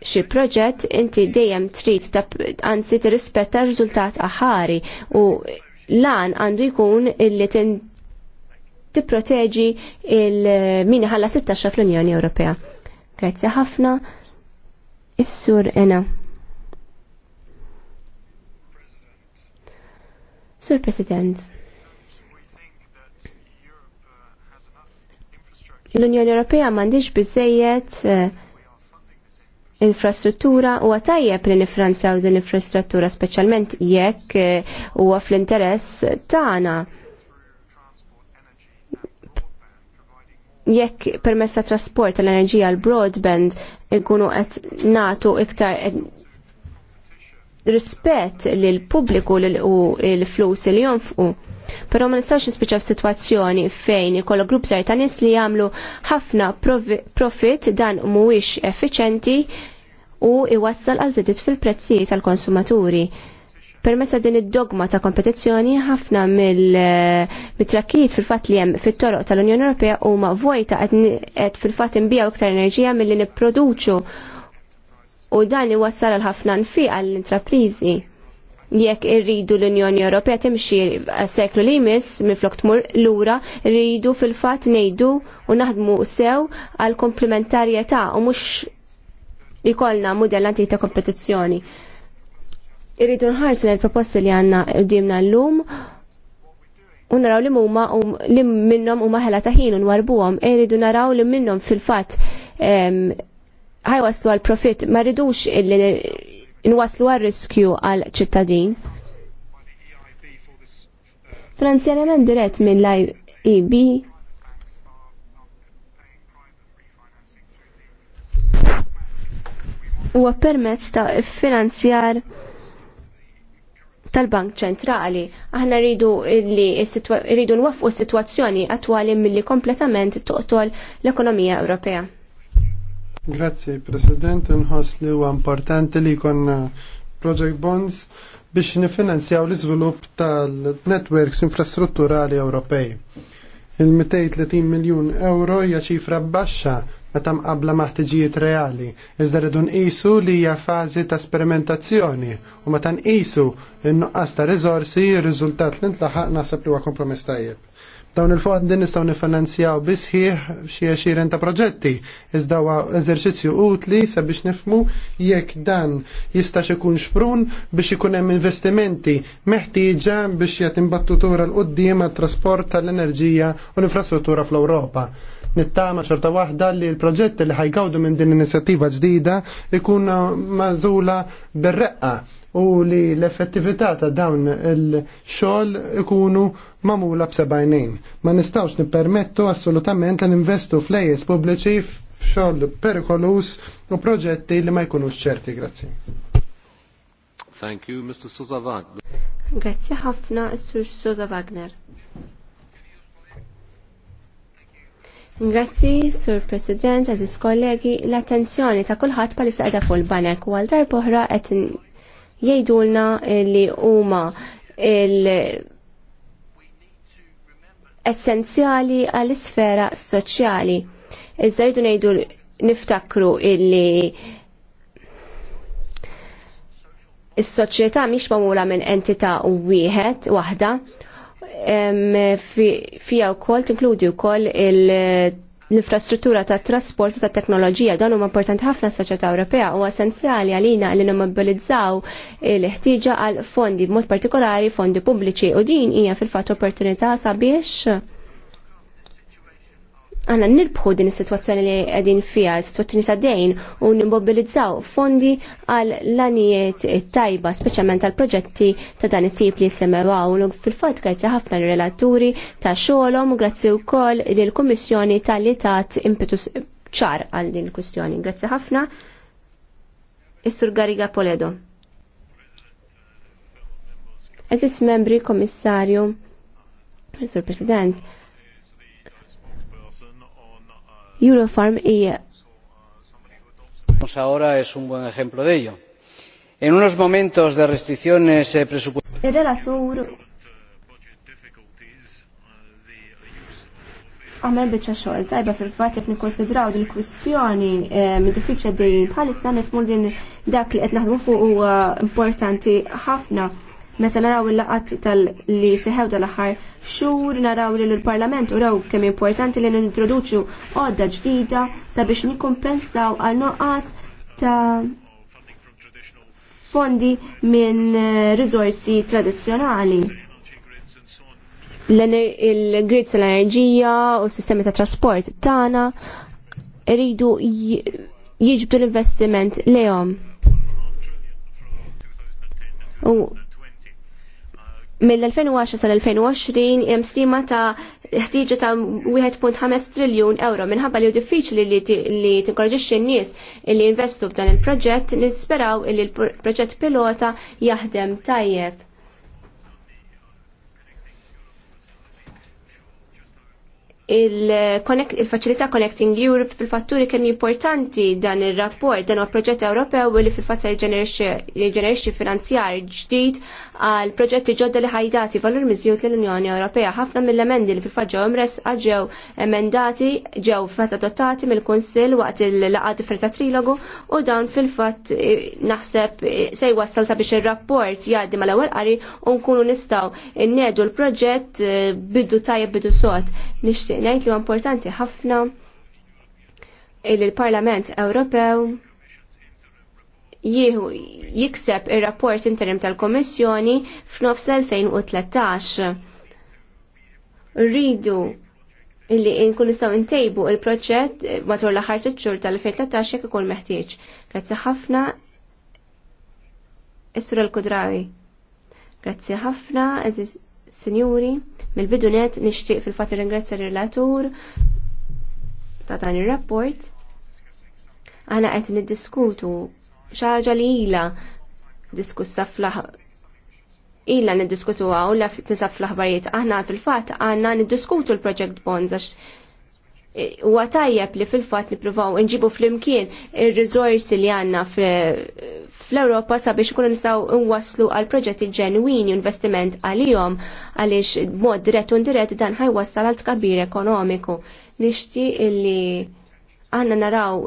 xi proġett inti dejjem trid anzi tirrispetta r-riżultat aħari u lan għandu jkun illi tipproteġi il-min ħalla 16 fl-Unjoni Ewropea. Grazzi ħafna. Is-sur Ena. Sur President. L-Unjoni Ewropea m'għandix biżejjed uh, infrastruttura u għatajjeb li nifranzaw din infrastruttura specialment jekk eh, huwa fl-interess tagħna. Jekk permessa trasport l-enerġija l-broadband ikunu qed natu iktar eh, rispett l pubbliku u l-flus li jonfqu. Però ma nistax f-situazzjoni fejn ikollok grupp zar ta' nies li jagħmlu ħafna profit dan mhuwiex effiċenti u iwassal għal zedit fil-prezzi tal-konsumaturi. Permessa din id-dogma ta' kompetizzjoni ħafna mill-trakkijiet fil-fatt li hemm fit-toroq tal-Unjoni Ewropea huma vojta qed fil-fatt u iktar enerġija milli nipproduċu u dan iwassal għal ħafna nfiq għall-intrapriżi jekk irridu l-Unjoni Ewropea timxi seklu li jmiss minflok tmur lura rridu fil-fatt ngħidu u naħdmu sew għal komplementarjetà u mhux ikollna mudell anti ta' kompetizzjoni. Irridu nħarsu l proposti li għandna qdiemna llum u naraw li huma li minnhom huma ħela ta' ħin u nwarbuhom, irridu naraw li minnhom fil-fatt ħajwaslu għal profitt ma rridux inwaslu għal riskju għal ċittadin. Finanzjarjament dirett minn l-IB huwa permezz ta' finanzjar tal-Bank ċentrali. Aħna rridu li rridu nwafqu s-sitwazzjoni attwali milli kompletament toqtol l-ekonomija Ewropea. Grazzi, President, nħoss li huwa importanti li jkollna Project Bonds biex nifinanzjaw l-iżvilupp tal-networks infrastrutturali Ewropej. Il-230 miljun euro hija ċifra baxxa meta mqabbla maħtiġijiet reali, iżda rridu nqisu li hija fażi ta' sperimentazzjoni u meta nqisu n-nuqqas ta' riżorsi, r riżultat li ntlaħaq naħseb li huwa kompromess tajjeb. Dawn il-fuqat din nistaw nifinanzjaw bisħiħ xie xiren ta' proġetti. Iżda huwa eżerċizzju utli sabiex nifmu jekk dan jistax ikun xprun biex ikun hemm investimenti meħtieġa biex jagħti imbattutura l qudiem għat-trasport tal-enerġija u l-infrastruttura fl-Ewropa. Nittama ċerta waħda li l-proġetti li ħajgawdu minn din l-inizjattiva ġdida ikun mażula berreqqa u li l-effettività ta' dawn il-xogħol ikunu mamula b'sebajnejn. Ma nistawx nippermettu assolutament li ninvestu flejjes pubbliċi f'xogħol perikolus u proġetti li ma jkunux ċerti. Grazzi. Thank you, Mr. Sosa Wagner. Grazzi ħafna, Sur Sosa Wagner. Grazzi, Sur President, Aziz kollegi, l-attenzjoni ta' kulħadd palissa qiegħda fuq il-banek u għal darbohra oħra qed jgħidulna li huma il essenzjali għall-isfera soċjali. Iżda nejdu ngħidu niftakru illi il soċjetà miex mhix minn minn u wieħed waħda, fija wkoll tinkludi wkoll il- l-infrastruttura ta' trasport u ta' teknoloġija dan huma importanti ħafna s-soċjetà Ewropea u essenzjali għalina li nimmobilizzaw l-ħtieġa għal fondi b'mod partikolari fondi pubbliċi u din hija fil-fatt opportunità sabiex għanna nirbħu din is-sitwazzjoni li għedin fija, situazzjoni ta' dejn u nimmobilizzaw fondi għal lanijiet tajba, speċjalment għal proġetti ta' dan it-tip li semmewaw u fil-fatt grazzi ħafna l-relaturi ta' xolom u grazzi wkoll lill-Kummissjoni tal litat impetus ċar għal din il-kwistjoni. Grazzi ħafna. Is-Sur Gariga Poledo. Eżis membri, komissarju, Sur President, Eurofarm hija ahora es un buen ejemplo de ello. En unos momentos de restricciones eh, presupuestarias għamel bieċa xogħol tajba fil-fatt qed nikkonsidraw din kwistjoni eh, minn diffiċċja dejjin bħalissa nifmu din dak li qed naħdmu fuq huwa importanti ħafna. Meta naraw il-laqat tal-li seħew tal-aħħar xhur naraw li l-Parlament uraw kemm importanti li nintroduċu għodda ġdida sabiex nikkompensaw għal noqas ta' fondi minn eh, riżorsi tradizzjonali il-grid tal-enerġija u s-sistemi ta' trasport tagħna rridu jiġbdu l-investiment lejhom mill-2010 sal-2020 hemm stima ta' ħtiġa ta' 1.5 triljun euro minħabba li hu diffiċli li tinkoraġixxi n-nies li investu f'dan il-proġett nisperaw li l-proġett pilota jaħdem tajjeb. il-faċilità Connecting Europe fil-fatturi kemm importanti dan ir-rapport dan huwa proġett Ewropew u li fil-fatt jġenerixxi finanzjar ġdid għal proġetti ġodda li ħajdati valur miżjud l-Unjoni Ewropea. Ħafna mill-emendi li fil fatta ġew imresqa ġew emendati ġew fil-fatta dotati mill-Kunsill waqt il-laqgħa fil ta' trilogu u dan fil-fatt e, naħseb e, se jwassal sabiex ir-rapport jgħaddi mal-ewwel qari u nkunu nistgħu nedu l-proġett e, bidu tajjeb bidu sod. Nixtieq ngħid li importanti ħafna il l-Parlament Ewropew jieħu jikseb ir-rapport interim tal-Kommissjoni f'nofs 2013. Rridu illi nkun nistgħu ntejbu il-proġett matul l-aħħar sitt xhur tal-2013 jekk ikun meħtieġ. Grazzi ħafna. is l-Kudrawi. Grazzi ħafna, eżiż Sinjuri. Mill-bidunet nixtieq fil-fatt ringrazzja relatur ta' dan ir-rapport. Aħna qed niddiskutu xaġa li ila diskussa fl ilha niddiskutu għaw la tinsab fl-aħbarijiet aħna fil-fatt għandna niddiskutu l-project bonds għax huwa tajjeb li fil-fatt nippruvaw inġibu fl-imkien il riżorsi li għandna fl-Ewropa sabiex kunu nisaw nwasslu għal proġetti ġenwini investiment għalihom għaliex mod dirett u dirett dan ħajwassal għal tkabbir ekonomiku. Nixti illi għanna naraw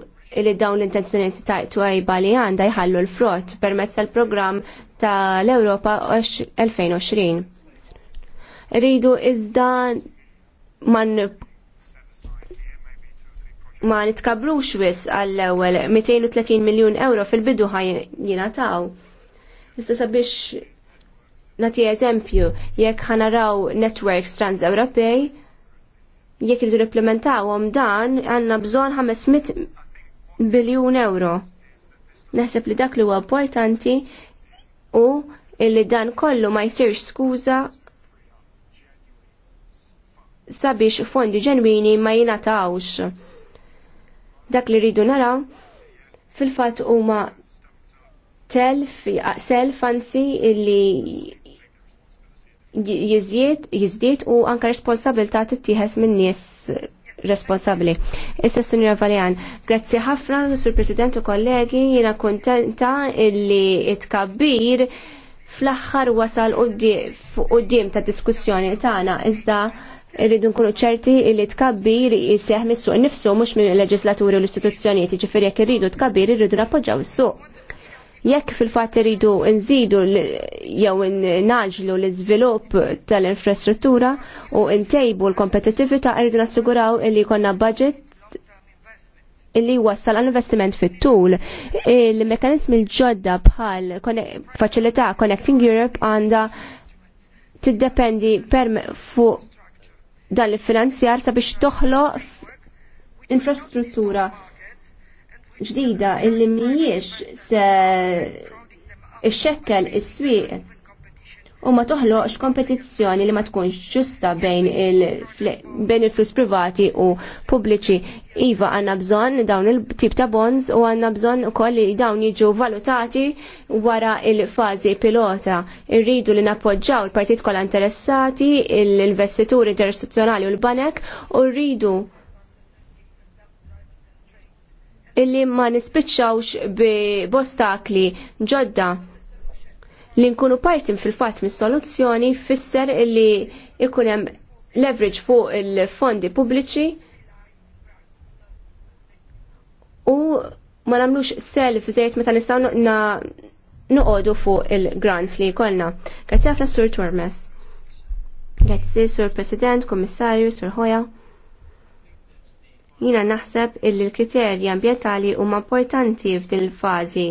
li dawn l-intenzjoniet ta' twajba li għandha jħallu l-frott permezz tal-programm tal-Ewropa 2020. Rridu iżda man ma nitkabrux wis għall-ewwel 230 miljun euro fil-bidu ħaj jingħataw. Issa sabiex nagħti eżempju, jekk ħanaraw networks trans-Ewropej, jekk irridu implementawhom dan għandna bżonn 500 biljun euro. Naħseb li dak li huwa importanti u illi dan kollu ma jsirx skuża sabiex fondi ġenwini ma jingħatawx Dak li rridu naraw fil-fatt huma telf, self anzi illi jizjiet, jizdiet u anka responsabilità tittieħed minn nies responsabli. Issa Sunira Valjan, grazzi ħafna, Sur President u kollegi, Jiena kontenta illi itkabbir fl aħħar wasal qudiem ta' diskussjoni tagħna iżda Irridu nkunu ċerti li tkabbir jisseħ mis-suq nifsu mhux minn leġislaturi u l-istituzzjonijiet, ġifieri jekk irridu tkabbir irridu nappoġġaw is-suq. Jekk fil-fatt irridu nżidu jew naġlu l-iżvilupp tal-infrastruttura u ntejbu l-kompetittività irridu nassiguraw li jkollna budget illi wassal għal investiment fit-tul. Il-mekanizmi l-ġodda bħal faċilità Connecting Europe għanda tiddependi fuq dan l-finanzjar sabiex toħlo infrastruttura ġdida illi mhijiex se ix-xekkel is-swieq u ma toħloqx kompetizzjoni li ma tkunx ġusta bejn il-flus privati u pubbliċi. Iva għanna bżon dawn il-tip ta' bonds u għanna bżon ukoll li dawn jiġu valutati wara il-fazi pilota. Irridu li nappoġġaw il-partit kolla interessati, l-investituri internazzjonali u l-banek u rridu illi ma nispiċċawx bi bostakli ġodda li nkunu parti fil-fatt mis-soluzzjoni fisser li ikunem hemm leverage fuq il-fondi pubbliċi u ma nagħmlux self żejt meta nistgħu noqogħdu fuq il-grants li jkollna. Grazzi ħafna Sur Turmes. Grazzi Sur President, Kommissarju, Sur Hoja. Jina naħseb il l-kriterji ambientali huma importanti f'din il-fażi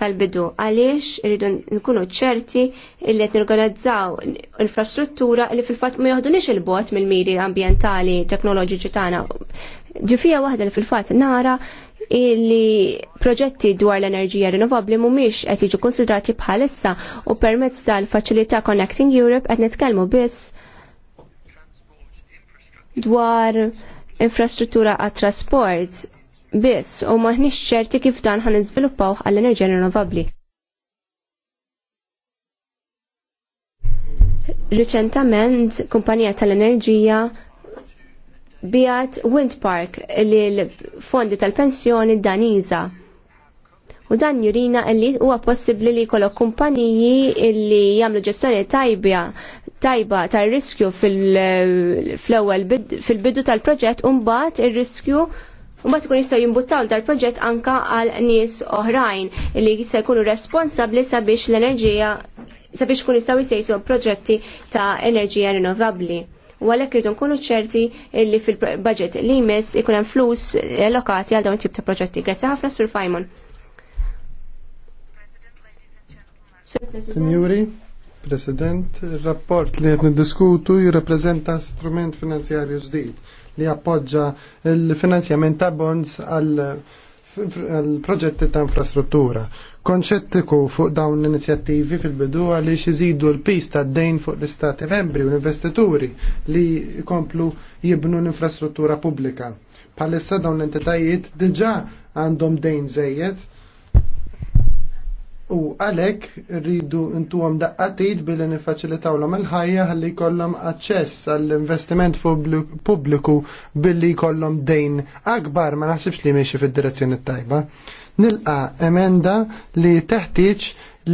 tal-bidu għaliex irridu nkunu ċerti li qed nirganizzaw infrastruttura li fil-fatt ma joħdunix il-bot mill-miri ambjentali teknoloġiċi tagħna. Ġifija waħda li fil-fatt nara li proġetti dwar l-enerġija rinnovabli mhumiex qed jiġu konsidrati bħalissa u permezz tal-faċilità Connecting Europe qed nitkellmu biss dwar infrastruttura għat trasport biss u maħniex ċerti kif dan ħan iżviluppaw għall-enerġija rinnovabbli. Reċentament, kumpanija tal-enerġija bijat Wind Park li l-fondi tal-pensjoni daniza. U dan jurina li huwa possibbli li jkollok kumpaniji li jagħmlu ġestjoni tajbja tajba tar-riskju fil-ewwel fil-bidu tal-proġett u mbagħad ir-riskju U bat ikun jistgħu jimbuttaw dar proġett anka għal nies oħrajn li jista' jkunu responsabbli sabiex l-enerġija sabiex kun jistgħu jsejsu proġetti ta' enerġija rinnovabbli u għalhekk irdu nkunu ċerti li fil-budget li jmiss ikun hemm flus allokati għal dawn tip ta' proġetti. Grazzi ħafna Sur Fajmon. Signori, President, il-rapport li qed niddiskutu jirrappreżenta strument finanzjarju ġdid li appoggia il-finanzjament ta' bonds għal proġetti ta' infrastruttura. Konċettiku fuq dawn l-inizjattivi fil-bidu li xizidu l-pis ta' d-dejn fuq l-istati membri u l-investituri li komplu jibnu l-infrastruttura pubblika. Palissa dawn l-entitajiet diġa għandhom dejn zejjed U għalek rridu intu għam daqqatit billi nifacilitaw l il-ħajja għalli kollom access għall-investiment publiku billi kollom dejn akbar ma naħsibx li miexi fil-direzzjoni tajba. Nilqa emenda li teħtieġ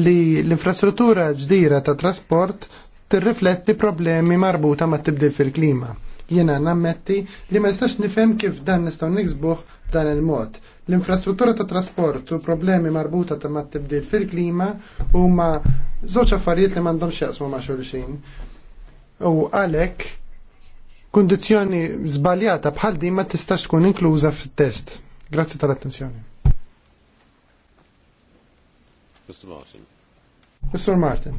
li l-infrastruttura ġdira ta' trasport tirrifletti problemi marbuta ma' tibdil fil-klima. Jena nammetti li ma nistax nifhem kif dan nistgħu niksbuh dan il-mod L-infrastruttura ta' trasport u problemi marbuta ta' ma' tibdil fil-klima u ma' zoċ affarijiet li mandom xjaqsmu ma' xulxin. U għalek, kondizjoni zbaljata bħal din ma tistax tkun inkluża fit-test. Grazzi tal-attenzjoni. Mr. Martin. Mr. Martin.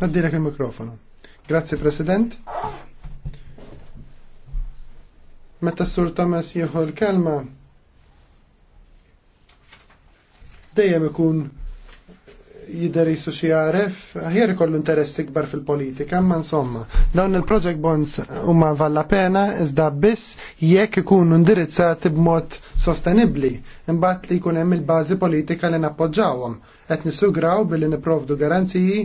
Naddilek il-mikrofonu. Grazie President. Meta s-sur Tamas jieħu l-kelma, dejjem ikun jider jisu xi jaref, ħjer kollu interess ikbar fil-politika, ma insomma, dawn il-project bonds huma valla pena iżda biss jekk ikunu indirizzati b'mod sostenibbli, imbagħad li jkun hemm il-bażi politika li nappoġġawhom. Qed nisugraw billi niprovdu garanziji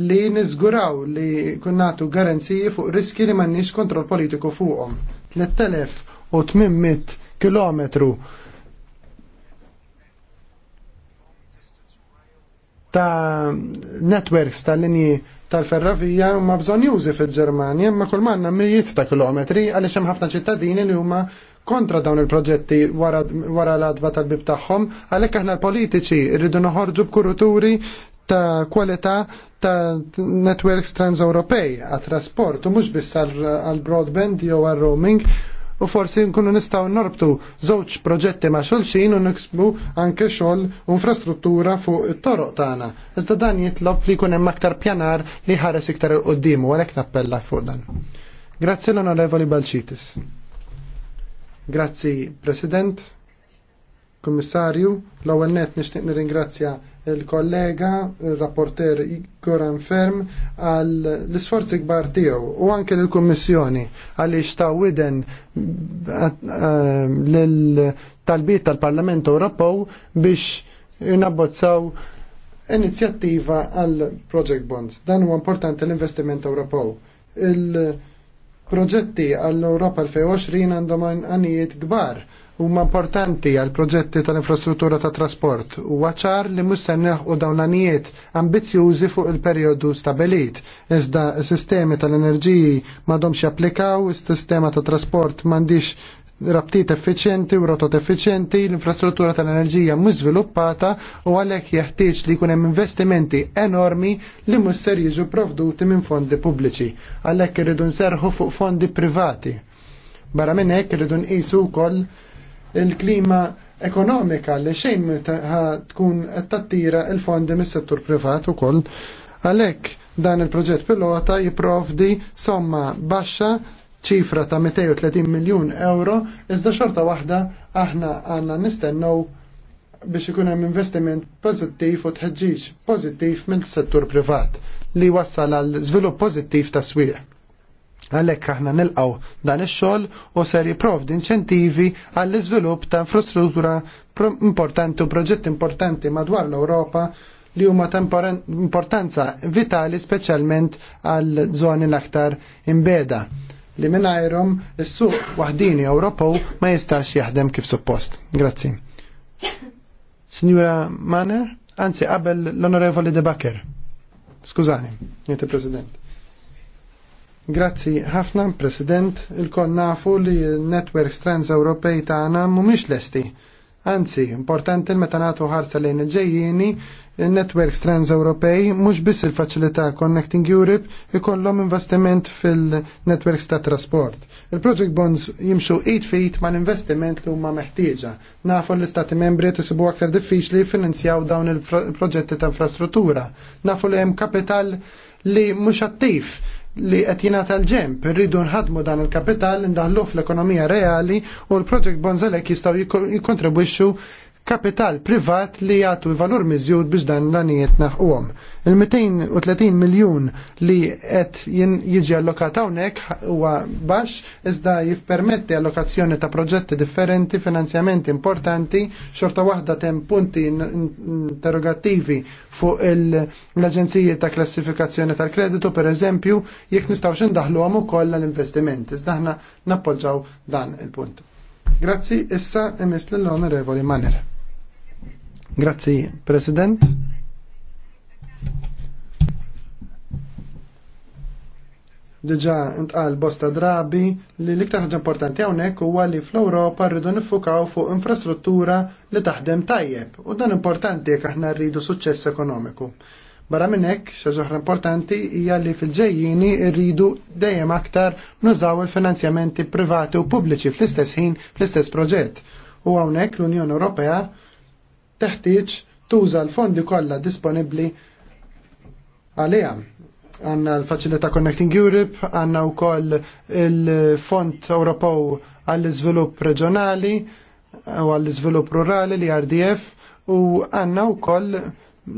li niżguraw li kun nagħtu garanziji fuq riski li m'għandniex kontroll politiku fuqhom. 3800 kilometru ta' networks tal-linji tal-ferrovija ma bżon jużi fil-Ġermanja, ma kull manna mijiet ta' kilometri għaliex hemm ħafna ċittadini li huma kontra dawn il-proġetti wara l-adba tal-bib tagħhom, għalhekk aħna l-politiċi rridu noħorġu b'kuruturi ta' kualità ta' networks trans-Ewropej għat-trasport u mhux biss għal-broadband jew għal-roaming u forsi nkunu nistaw norbtu żewġ proġetti ma' xolxin u niksbu anke xogħol infrastruttura fuq it-toroq tagħna. Iżda dan jitlob li jkun hemm aktar pjanar li ħares iktar il u għalhekk nappella fuq dan. Grazzi l-Onorevoli Balċitis. Grazzi President, Kummissarju, l-ewwel nett nixtieq nirringrazzja il-kollega, il-rapporter Goran Ferm, għal l-sforzi kbar tiegħu u anke l-Kummissjoni għaliex ta' widen tal eh, talbiet tal-Parlament Ewropew biex inabbozzaw inizjattiva għal Project Bonds. Dan huwa importanti l-investiment Ewropew. Il-proġetti għall-Europa 2020 għandhom għanijiet kbar huma importanti għal proġetti tal-infrastruttura ta' trasport u għaċar li mussenneħ u dawnanijiet ambizjużi fuq il-periodu stabilit. Iżda sistemi tal-enerġiji madomx japplikaw, sistema ta' trasport mandiċ rabtiet effiċenti u rotot effiċenti, l-infrastruttura tal-enerġija mhux żviluppata u għalhekk jeħtieġ li jkun hemm investimenti enormi li mhux ser jiġu provduti minn fondi pubbliċi. Għalhekk irridu nserħu fuq fondi privati. Barra minn hekk irridu nqisu wkoll il-klima ekonomika li xejn tkun tattira il-fondi mis-settur privat ukoll. Għalhekk dan il-proġett pilota jipprovdi somma baxxa ċifra ta' 230 miljun euro, iżda xorta waħda aħna għanna nistennew biex ikun hemm investiment pożittiv u tħeġġiġ pożittiv mill settur privat li wassal għal żvilupp pożittiv ta' swieq. Għalhekk aħna nilqgħu dan ix-xogħol u ser jipprovdi inċentivi għall iżvilupp ta' infrastruttura importanti u proġett importanti madwar l-Ewropa li huma ta' importanza vitali speċjalment għal żoni l-aktar imbeda li minnajrom is-suq waħdini Ewropew ma jistax jaħdem kif suppost. Grazzi. Signora Manner, anzi qabel l-Onorevoli De Bakker. Skużani, jiet President. Grazzi ħafna, President, il-kon nafu li networks trans-Ewropej tagħna mhumiex lesti. Anzi, importanti meta nagħtu ħarsa lejn il ġejjeni il-networks trans europej mhux biss il-faċilità Connecting Europe ikollhom investiment fil-networks ta' trasport. Il-Project Bonds jimxu 8 feet ma' l-investiment li huma meħtieġa. Nafu l-istati membri tisibu aktar diffiċli finanzjaw dawn il-proġetti ta' infrastruttura. Nafu li hemm kapital li mhux attiv li qed jingħata l-ġemp, irridu nħadmu dan il-kapital indaħlu fl-ekonomija reali u l-Project Bonzelek jistgħu jikkontribwixxu kapital privat li jagħtu valur miżjud biex dan l-għanijiet naħquhom. Il-230 miljun li qed jiġi allokat hawnhekk u baxx iżda jippermetti allokazzjoni ta' proġetti differenti, finanzjamenti importanti, xorta waħda tem punti interrogattivi fuq l-Aġenziji ta' Klassifikazzjoni tal-Kreditu, per eżempju, jekk nistgħux għamu ukoll l-investimenti. Iżda aħna nappoġġaw dan il-punt. Grazzi, issa imisli e l-Onorevoli Manera. Grazzi, President. Diġa intqal bosta drabi li l-iktar importanti hawnhekk huwa li fl-Ewropa rridu nifukaw fuq infrastruttura li taħdem tajjeb u dan importanti jekk aħna rridu suċċess ekonomiku. Barra minn hekk xi importanti hija li fil-ġejjini rridu dejjem aktar nużaw il-finanzjamenti privati u pubbliċi fl-istess ħin fl-istess proġett. U hawnhekk l-Unjoni Ewropea teħtieġ tuża l-fondi kollha disponibbli għaliha. Għanna l-Facilità Connecting Europe, għanna u koll il-Fond Ewropew għall-Iżvilupp Reġjonali u għall-Iżvilupp Rurali li RDF u għanna u koll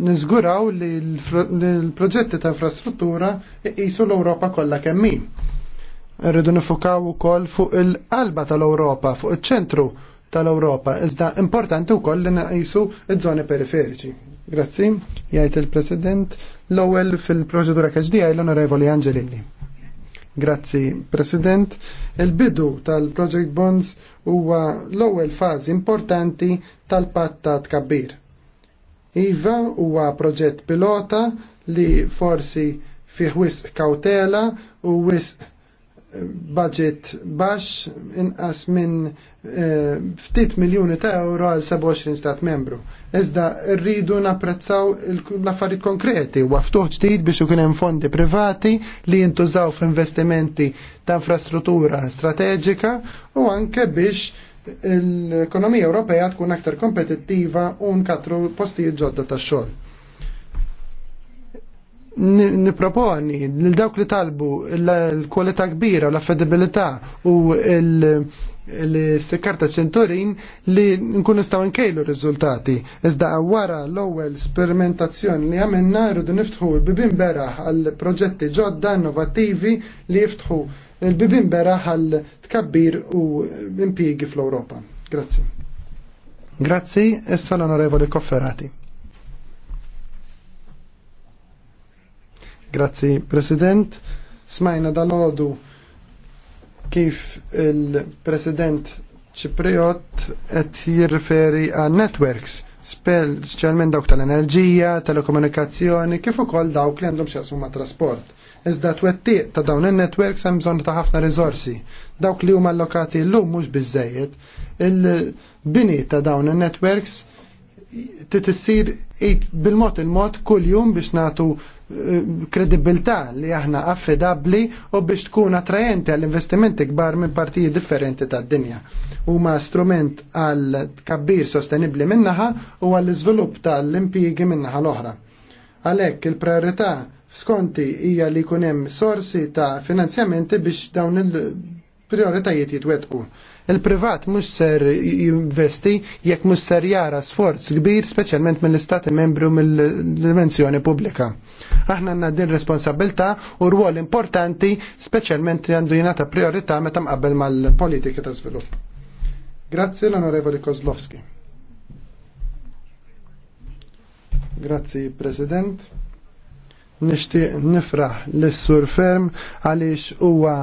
nizguraw li l-proġetti ta' infrastruttura jisu l-Europa kollha kemmi. Rridu nifukaw ukoll fuq il-qalba tal-Europa, fuq iċ-ċentru tal-Ewropa, iżda importanti wkoll li naqisu ż-żoni periferiċi. Grazzi, jgħid il-President l-ewwel fil-proċedura kaġdija l-Onorevoli Angelilli. Grazzi, President. Il-bidu tal-Project Bonds huwa l-ewwel fażi importanti tal-patt ta' tkabbir. Iva huwa proġett pilota li forsi fih wisq kautela u wisq budget baxx inqas minn eh, ftit miljuni ta' euro għal 27 stat membru. Iżda rridu napprezzaw l-affarijiet konkreti u għaftuħ ġdid biex ikun hemm fondi privati li jintużaw f'investimenti ta' infrastruttura strateġika u anke biex l-ekonomija Ewropea tkun aktar kompetittiva u nkatru postijiet ġodda tax xogħol niproponi lil dawk li talbu l-kwalità kbira u l-affedibilità u l-sekarta ċenturin li nkun nistaw nkejlu r-riżultati. Iżda wara l-ewwel sperimentazzjoni li għamilna rridu niftħu l-bibin beraħ għal proġetti ġodda innovattivi li jiftħu l-bibin beraħ għal tkabbir u impiegi fl-Ewropa. Grazzi. Grazzi, issa l-onorevoli Kofferati. Grazzi, President. Smajna dal-ħodu kif il-President Ċipriot qed jirriferi għal networks, speċjalment dawk tal-enerġija, telekomunikazzjoni, kif ukoll dawk li għandhom xasmu ma' trasport. Iżda twettiq ta' dawn il networks hemm bżonn ta' ħafna riżorsi. Dawk li huma allokati llum mhux biżejjed. Il-bini ta' dawn il networks titissir bil-mod il-mod kuljum biex nagħtu kredibilità li aħna affidabli u biex tkun attrajenti għall-investimenti kbar minn partijiet differenti tad-dinja. Huma strument għal tkabbir sostenibli minnaħa u għall iżvilupp tal-impjiegi minnaħa l-oħra. Għalhekk il-priorità skonti hija li jkun hemm sorsi ta' finanzjamenti biex dawn il-prioritajiet jitwetqu Il-privat mhux ser jinvesti jekk mux ser jara sforz kbir speċjalment mill-istati membru mill-dimensjoni pubblika. Aħna għandna din responsabilità u rwol importanti speċjalment għandu jingħata priorità meta mqabbel mal-politika ta' żvilupp. Grazzi l-Onorevoli Kozlowski. Grazzi President. Nishtiq nifraħ l-Sur Ferm għaliex huwa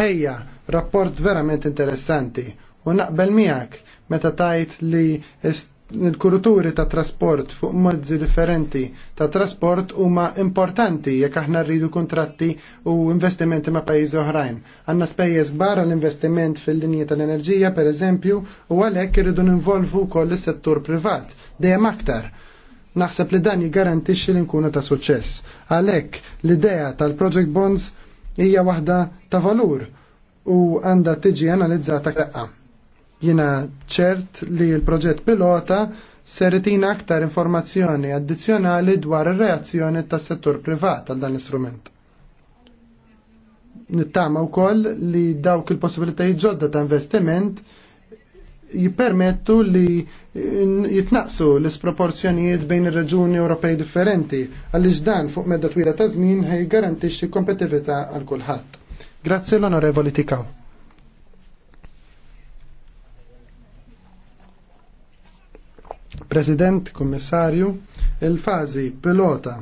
ħejja Rapport verament interessanti u naqbel miegħek meta tajt li il-kuruturi ta' trasport fuq mezzi differenti ta' trasport huma importanti jekk aħna rridu kontratti u investimenti ma' pajjiżi oħrajn. Għandna spejjeż barra l-investiment fil-linji tal-enerġija pereżempju u għalhekk irridu ninvolvu wkoll is-settur privat dejjem aktar. Naħseb li dan jiggarantixxi li nkunu ta' suċċess. Għalhekk l-idea tal-project bonds hija waħda ta' valur u għandha tiġi analizzata kreqqa. Jiena ċert li l-proġett pilota seritina aktar informazzjoni addizzjonali dwar ir-reazzjoni tas-settur privat għal dan l-istrument. Nittama wkoll li dawk il-possibilitajiet ġodda ta' investiment jippermettu li jitnaqsu l-isproporzjonijiet bejn ir-reġuni Ewropej differenti għaliex dan fuq medda twila ta' żmien ħaj garantixxi kompetitività għal kulħadd. Grazzi l'onorevole Ticao. Tikaw. President, Kommissarju, il-fazi pilota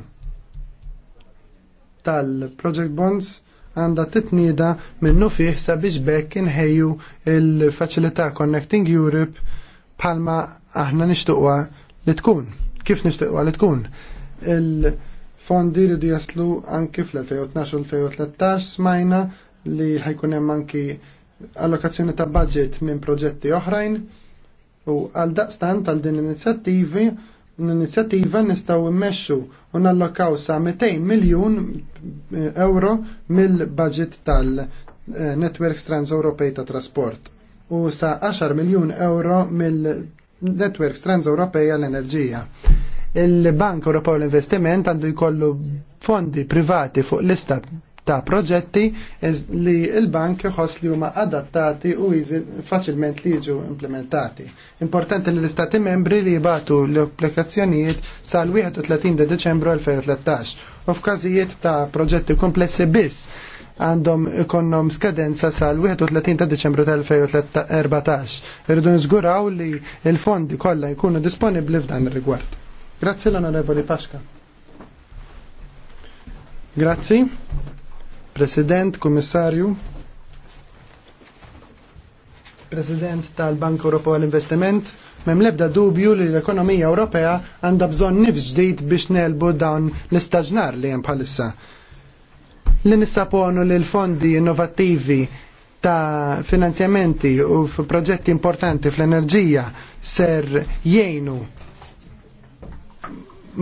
tal-Project Bonds għanda titnida minnu fih sabiex bekk inħejju il-Facilità Connecting Europe palma aħna nishtuqwa li tkun. Kif nishtuqwa li tkun? Il-fondi li jaslu anki fl-2012-2013 smajna li ħajkun hemm anki allokazzjoni ta' budget minn proġetti oħrajn u għal daqstant għal din l-inizjattivi l-inizjattiva nistgħu immexxu u nallokaw sa 200 miljun eh, euro mill-budget tal-Networks eh, Trans-Ewropej ta' Trasport u sa 10 miljun euro mill-Networks Trans-Ewropej għall-Enerġija il-Bank Ewropew tal investiment għandu jkollu fondi privati fuq l-istat ta' proġetti li il-bank jħoss li huma adattati u faċilment li jiġu implementati. Importanti li l-Istati membri li jibatu l-applikazzjonijiet sal-31 de Deċembru 2013 u f'każijiet ta' proġetti komplessi biss għandhom ikonnom skadenza sal-31 ta' Deċembru tal-2014. Irridu nżguraw li il-fondi kollha jkunu disponibbli f'dan ir-rigward. Grazzi l-Onorevoli Paxka. Grazzi. President, Komissarju, President tal-Bank Ewropew għall-Investiment, mem lebda dubju li l-ekonomija Ewropea għandha bżonn nifs ġdid biex nelbu dawn l-istaġnar li hemm bħalissa. Li nissaponu li l-fondi innovattivi ta' finanzjamenti u proġetti importanti fl-enerġija ser jgħinu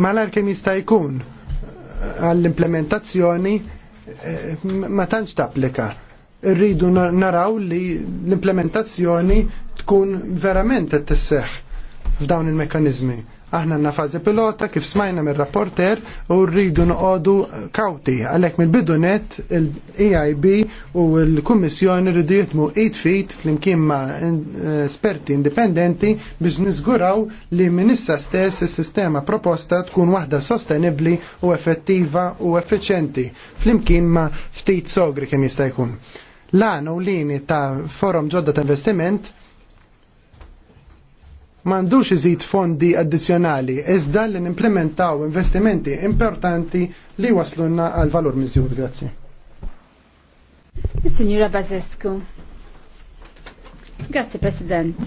malar kem jista' jkun għall-implementazzjoni Eh, ma tantx tapplika. Rridu naraw li l-implementazzjoni tkun verament qed tisseħħ f'dawn il-mekkaniżmi. Aħna għanna fazi pilota kif smajna mir rapporter u rridu noqodu kawti Għalek mill-bidu net il-EIB u l-Kummissjoni rridu jitmu 8 feet fl-imkien ma' eh, esperti indipendenti biex nizguraw li minissa stess il-sistema proposta tkun waħda sostenibli u effettiva u effiċenti fl-imkien ma' ftit sogri kemm jista' jkun. L-għana u lini ta' forum ġodda ta' investiment mandux iżid fondi addizjonali, iżda li nimplementaw investimenti importanti li waslunna għal valur miżjur. Grazzi. Signora Bazescu. Grazzi, President.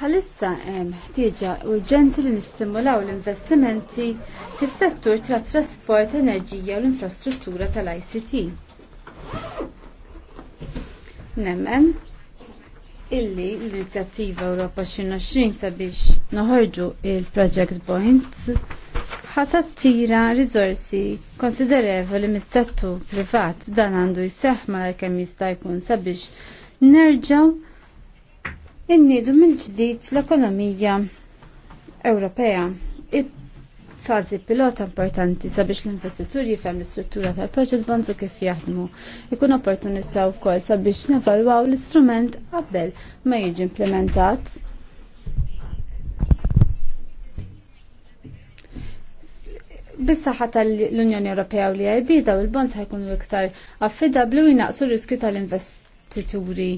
Bħalissa hemm ħtieġa urġenti li nistimulaw l-investimenti fis-settur tat trasport, enerġija u l-infrastruttura tal-ICT. Nemmen illi l-inizjattiva Europa 2020 sabiex noħorġu il-Project Points tira rizorsi konsiderevoli mis-settu privat dan għandu jseħħ ma kemm jista' jkun sabiex nerġaw innidu mill-ġdid l-ekonomija Ewropea fazi pilota importanti sabiex l-investitur jifhem l-istruttura tal-proġett bonzu kif jaħdmu. Ikun opportunità kol sabiex nevalwaw l-istrument qabel ma jiġi implementat. Bis-saħħa l unjoni Ewropea u li għajbida u l-bonds ħajkunu iktar affidabli blu jnaqsu r-riskju tal-investituri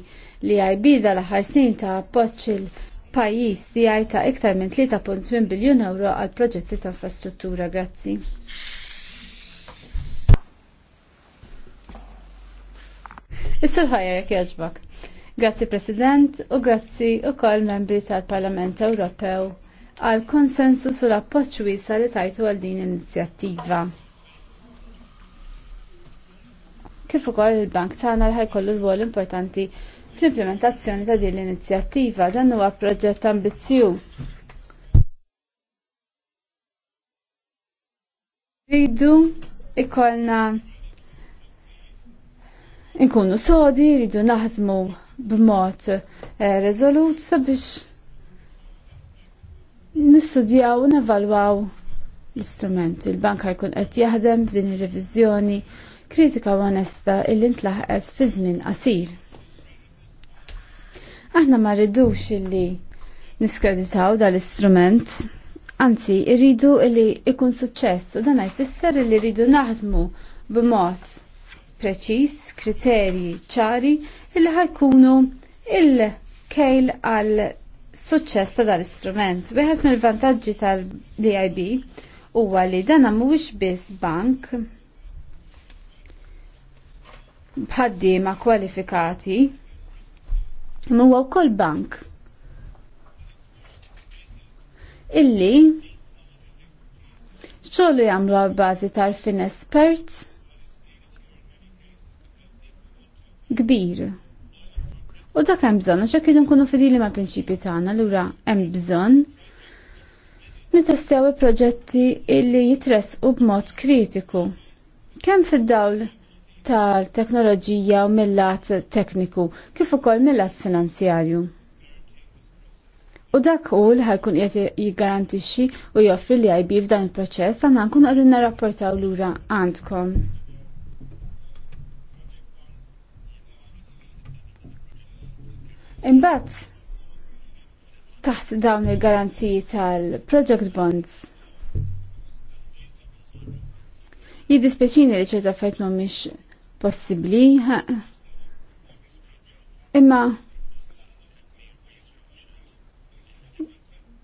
li għajbida l-aħħar snin ta' appoċċ pajjiż li ta' iktar minn 3.2 biljun euro għal proġetti ta' infrastruttura. Grazzi. Is-sur ħajrek jaġbak. Grazzi President u grazzi u kol membri tal-Parlament Ewropew għal konsensu sul appoċ wisa li tajtu għal din inizjattiva. Kif ukoll il-bank tagħna l kollu l-wol importanti fl-implementazzjoni ta' din l-inizjattiva dan huwa proġett ambizzjuż. Ridu ikolna inkunu sodi, ridu naħdmu b'mod eh, rezolut sabiex nistudjaw u nevalwaw l-istrument. Il-banka jkun qed jaħdem f'din ir-reviżjoni kritika onesta illi ntlaħqet fi żmien qasir. Aħna ma rridux illi niskreditaw dal-istrument, anzi irridu illi ikun suċċess u dan jfisser illi rridu naħdmu b'mod preċis, kriterji ċari illi ħajkunu il-kejl għal suċċess ta' dal-istrument. Wieħed mill-vantaġġi tal-DIB huwa li dan mhuwiex biss bank ma' kwalifikati u wkoll bank illi xogħlu jagħmlu għal bażi tal-fin espert kbir. U dak hemm bżonn għax jekk nkunu fidili ma' prinċipji tagħna, lura hemm bżonn nitestjaw proġetti illi jitresqu b'mod kritiku. Kemm fid-dawl tal-teknoloġija u mill-lat tekniku kif ukoll mill-lat finanzjarju. U dak u li ħajkun qed jiggarantixxi u joffri li jajbi f'dan il-proċess għandna nkun qegħdin narrapportaw lura għandkom. Imbagħad taħt dawn il-garanziji tal-project bonds. Jiddispeċini li ċerta fejt ma possibbli. Imma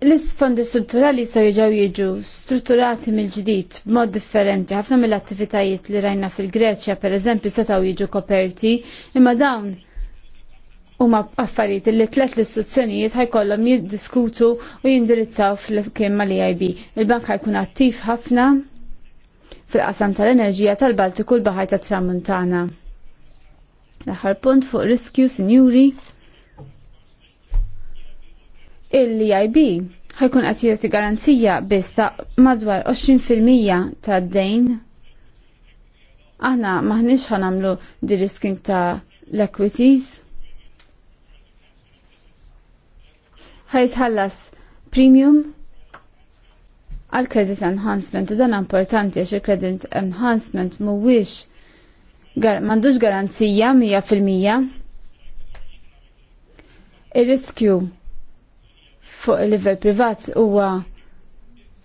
L-isfondi strutturali sa jiġaw jiġu strutturati mill-ġdid b'mod differenti. Ħafna mill-attivitajiet li rajna fil-Greċja, per eżempju, setaw jiġu koperti, imma dawn huma affarijiet li tlet l-istituzzjonijiet ħajkollhom jiddiskutu u jindirizzaw fl-kien mal-EIB. Il-bank ħajkun attiv ħafna fil-qasam tal-enerġija tal-Baltiku l-Baħar tat-Tramuntana. L-aħħar punt fuq riskju sinjuri il-EIB ħajkun qed jagħti garanzija biss ta' madwar 20% tad-dejn. Aħna maħniex ħanamlu di risking ta' l-equities. Ħajtħallas premium għal credit enhancement u dan importanti għax il-credit enhancement mhuwiex m'għandux garanzija mija fil-mija. Ir-riskju fuq il-livell privat huwa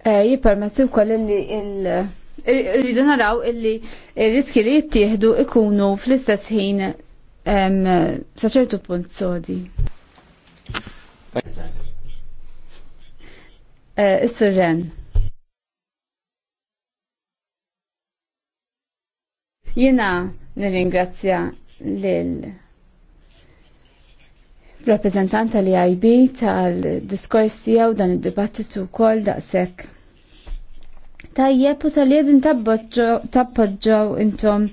eh, jippermetti wkoll li il- Rridu naraw illi il-riski li jittieħdu ikunu fl-istess ħin saċertu punt sodi. Eh, Is-surren. Jina nirringrazzja lil rappresentanta li IB tal-diskors tijaw dan id-dibattitu kol daqsek. Tajjeb u tal-jedin tappoġġaw intom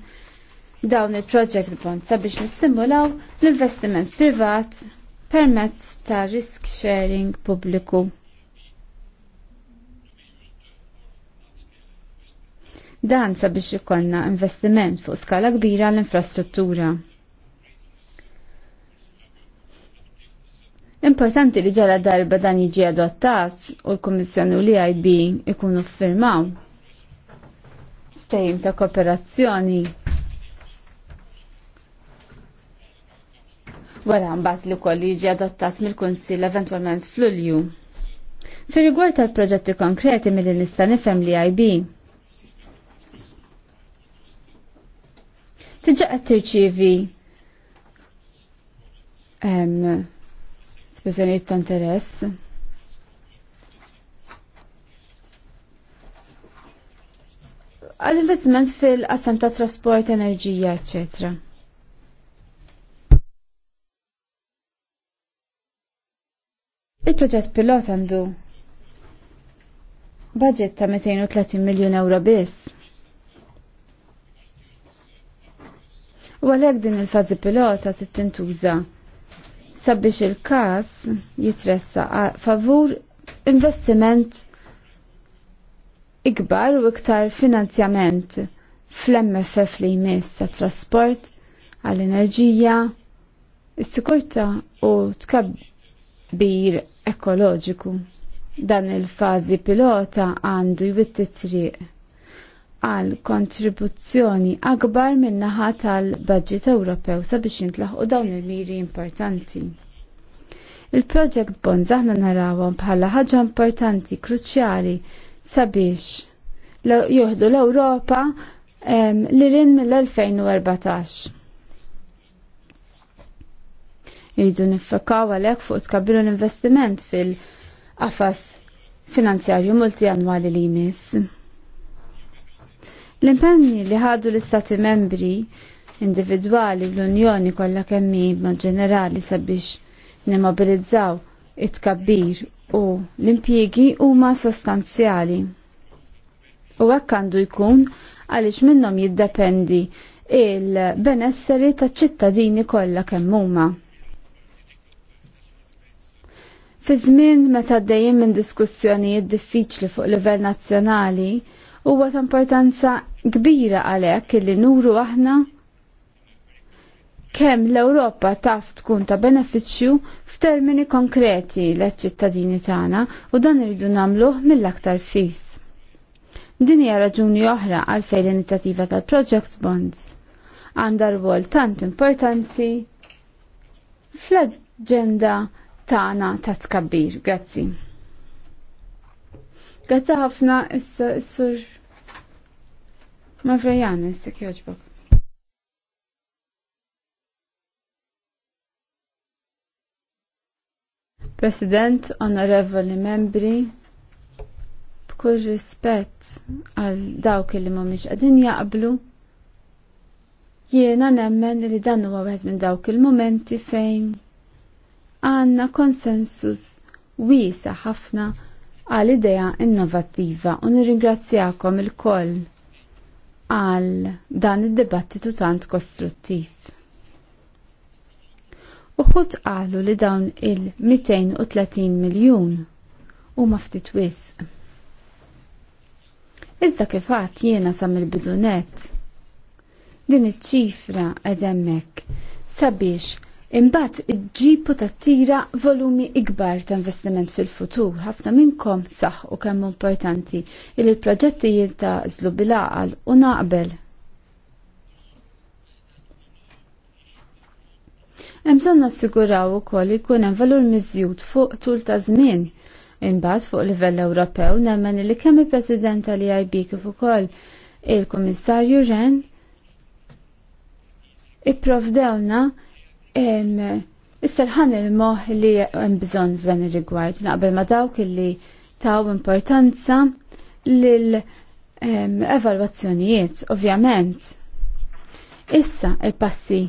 dawn il-project bond sabiex nistimulaw l-investiment privat permezz ta' risk sharing pubbliku. dan sabiex ikollna investiment fuq skala kbira l-infrastruttura. Importanti li ġala darba dan jiġi adottat u l-Kummissjoni u l-IB ikunu firmaw tejm ta' kooperazzjoni. Wara mbagħad li wkoll jiġi adottat mill-Kunsill eventwalment fl-Ulju. Fi rigward tal-proġetti konkreti milli nista' nifhem li e IB tiġa qed tirċivi spezzjonijiet ta' interess. Għal-investiment fil-qasam ta' trasport, enerġija, eccetera. Il-proġett pilot għandu budget ta' 230 miljon euro biss. U għalhekk din il-fażi pilota tintuża sabiex il-każ jitressa favur investiment ikbar u iktar finanzjament fl-MFF li jmiss ta' trasport għall-enerġija, s sikurta u tkabbir ekoloġiku. Dan il-fazi pilota għandu jwitt triq għal kontribuzzjoni akbar min-naħa tal-budget Ewropew sabiex jintlaħqu dawn il-miri importanti. Il-Project Bonds aħna narawhom bħala ħaġa importanti, kruċjali sabiex juhdu l-Ewropa li lin mill-2014. Iridu niffokaw għalhekk fuq tkabbilu l-investiment fil-qafas finanzjarju multianwali li jmiss. L-impenni li ħadu l-Istati membri individwali l-Unjoni kollha kemmi ma' ġenerali sabiex nimmobilizzaw it-kabbir u l-impjiegi huma sostanzjali. U hekk għandu jkun għaliex minnhom jiddependi il-benesseri taċ ċittadini kollha kemm huma. Fi żmien meta dejjem minn diskussjonijiet diffiċli fuq livell nazzjonali, huwa ta' importanza kbira għalhekk li nuru aħna kemm l-Ewropa taf tkun ta' benefiċċju f'termini konkreti l-ċittadini tagħna u dan irridu nagħmluh mill-aktar fis. Din hija raġuni oħra għalfejn l-inizjattiva tal-Project Bonds għandha rwol tant importanti fl-aġenda tagħna ta' tkabbir. Grazzi. Grazzi ħafna is-sur. Mavrojan, nisik joġbok. President, onorevoli membri, b'kull rispett għal dawk li mhumiex qegħdin jaqblu, jiena nemmen li dan huwa wieħed minn dawk il-momenti fejn għandna konsensus wiesa ħafna għal idea innovattiva u nirringrazzjakom il-koll għal dan id-dibattitu tant kostruttiv. Uħut qalu li dawn il-230 miljon u maftit wis. Iżda kifat jiena sam il-bidunet. Din iċ-ċifra edemmek sabiex Imbagħad iġġibu tattira volumi ikbar ta' investiment fil-futur. Ħafna minnkom u kemm importanti il il-proġetti zlu bil-aqal u naqbel. Hemm bżonn nassiguraw ukoll jkun hemm valur miżjud fuq tul ta' żmien Imbagħad fuq livell Ewropew nemmen li kemm il-President tal ib kif ukoll il-Kummissarju Ren ipprovdewna Isserħan il-moħ li hemm bżonn f'dan ir-rigward naqbel ma dawk li taw importanza lil evalwazzjonijiet ovvjament. Issa il-passi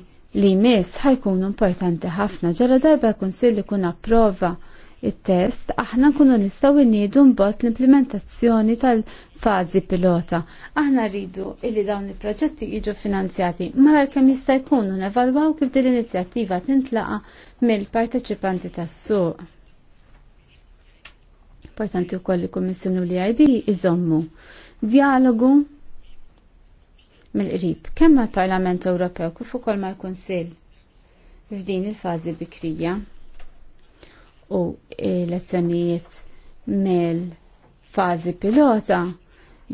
li jmiss ħajkunu importanti ħafna ġara darba jkun sir li kun approva prova it-test, aħna nkunu nistgħu nniedu mbagħad l-implementazzjoni tal-fażi pilota. Aħna rridu illi dawn il-proġetti jiġu finanzjati mal-kemm jista' jkunu nevalwaw kif din l-inizjattiva tintlaqa mill-parteċipanti tas-suq. Importanti wkoll il kummissjoni li IB iżommu dialogu mill-qrib kemm mal-Parlament Ewropew kif ukoll mal-Kunsill f'din il-fażi bikrija u lezzjonijiet mill fażi pilota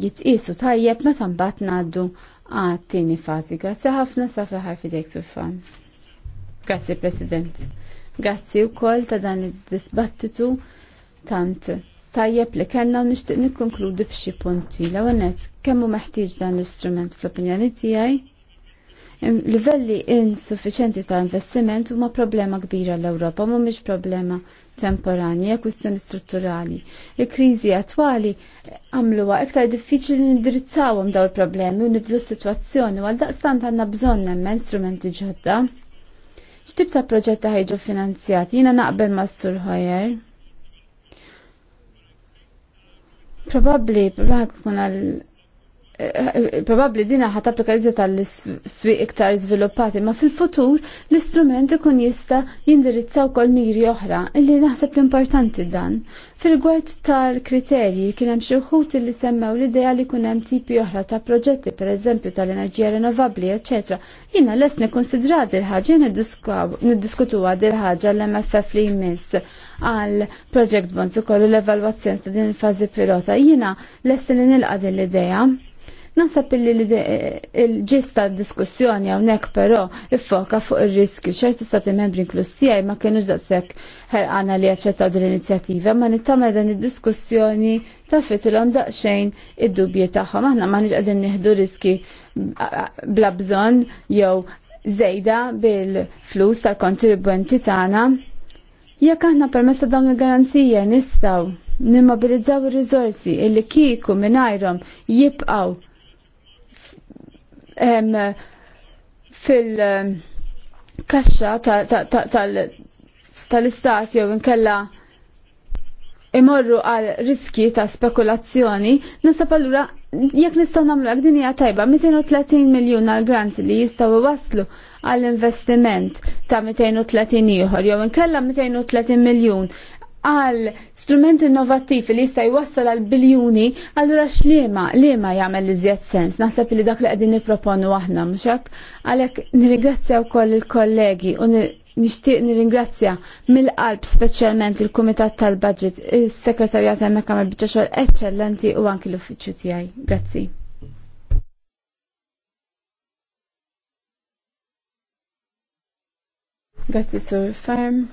jitqisu tajjeb meta mbagħad ngħaddu għat-tieni fażi. Grazzi ħafna sa fl-ħar fidejk sul-fam. Grazzi President. Grazzi wkoll ta' dan id-disbattitu tant tajjeb li kellna u nixtieq nikkonkludi b'xi punti. L-ewwel nett kemm hu meħtieġ dan l-istrument fl-opinjoni tiegħi. Livelli insuffiċenti ta' investiment huma problema kbira l-Ewropa, mhumiex problema temporanja, kwistjoni strutturali. Il-krizi attwali għamluwa iktar diffiċli li nindirizzawhom daw il-problemi u niblu s-sitwazzjoni għal daqstant għandna bżonn hemm strumenti ġodda. X'tip ta' proġett ħajġu finanzjati? Jiena naqbel ma' Sur ħajer. Probabbli, probabbli probabli dina ħat applika tal swi iktar sviluppati, ma fil-futur l-istrument ikun jista jindirizza wkoll miri oħra, illi naħseb l-importanti dan. Fil-gwert tal-kriterji kien hemm xi wħud li semmew l-idea li jkun hemm tipi oħra ta' proġetti, pereżempju tal-enerġija rinnovabbli, l Jiena lest nikkonsidra dil ħaġa niddiskutuha dil ħaġa l-MFF li jmiss għal Project Bonds ukoll l-evalwazzjoni ta' din il-fażi pilota. Jiena lest li nilqa' din l-idea Nansab li l-ġista diskussjoni għonek pero iffoka fuq il-riskju ċertu stati membri inklus ma kienux daqsek ħerqana li din l inizjativa ma nittama dan il-diskussjoni ta' fitilom daqxejn id-dubji taħħom aħna ma nix għadin nihdu riski bla bżon jew zejda bil-flus tal-kontribwenti tagħna. Jekk aħna permessa ta' dawn il-garanzija nistgħu nimmobilizzaw ir-riżorsi illi kieku mingħajrhom jibqgħu fil-kaxxa tal-istat jew inkella imorru għal riski ta' spekulazzjoni, nasab allura jekk nistgħu namlu għak din hija tajba 230 miljun għal grants li jistgħu waslu għall investiment ta' 230 ieħor jew inkella 230 miljun għal strument innovativ li jista' jwassal għal biljuni, allura x'liema liema jagħmel li żjed sens. Naħseb li dak li qegħdin nipproponu aħna mhux hekk. Għalhekk nirringrazzja wkoll il-kollegi u nixtieq nirringrazzja mill-qalb speċjalment il-Kumitat tal-Budget, is-Sekretarjat hemmhekk għamel biċċa xogħol eċċellenti u anki l-uffiċċju tiegħi. Grazzi. Grazzi Sur Ferm,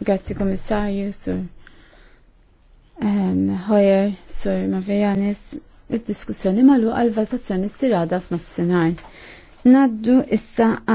grazie Commissario Sur. Ehm, Hoyer, Sur Mavrianis, id-diskussjoni malu għal-valutazzjoni s-sirada f'nofsinhar. Naddu issa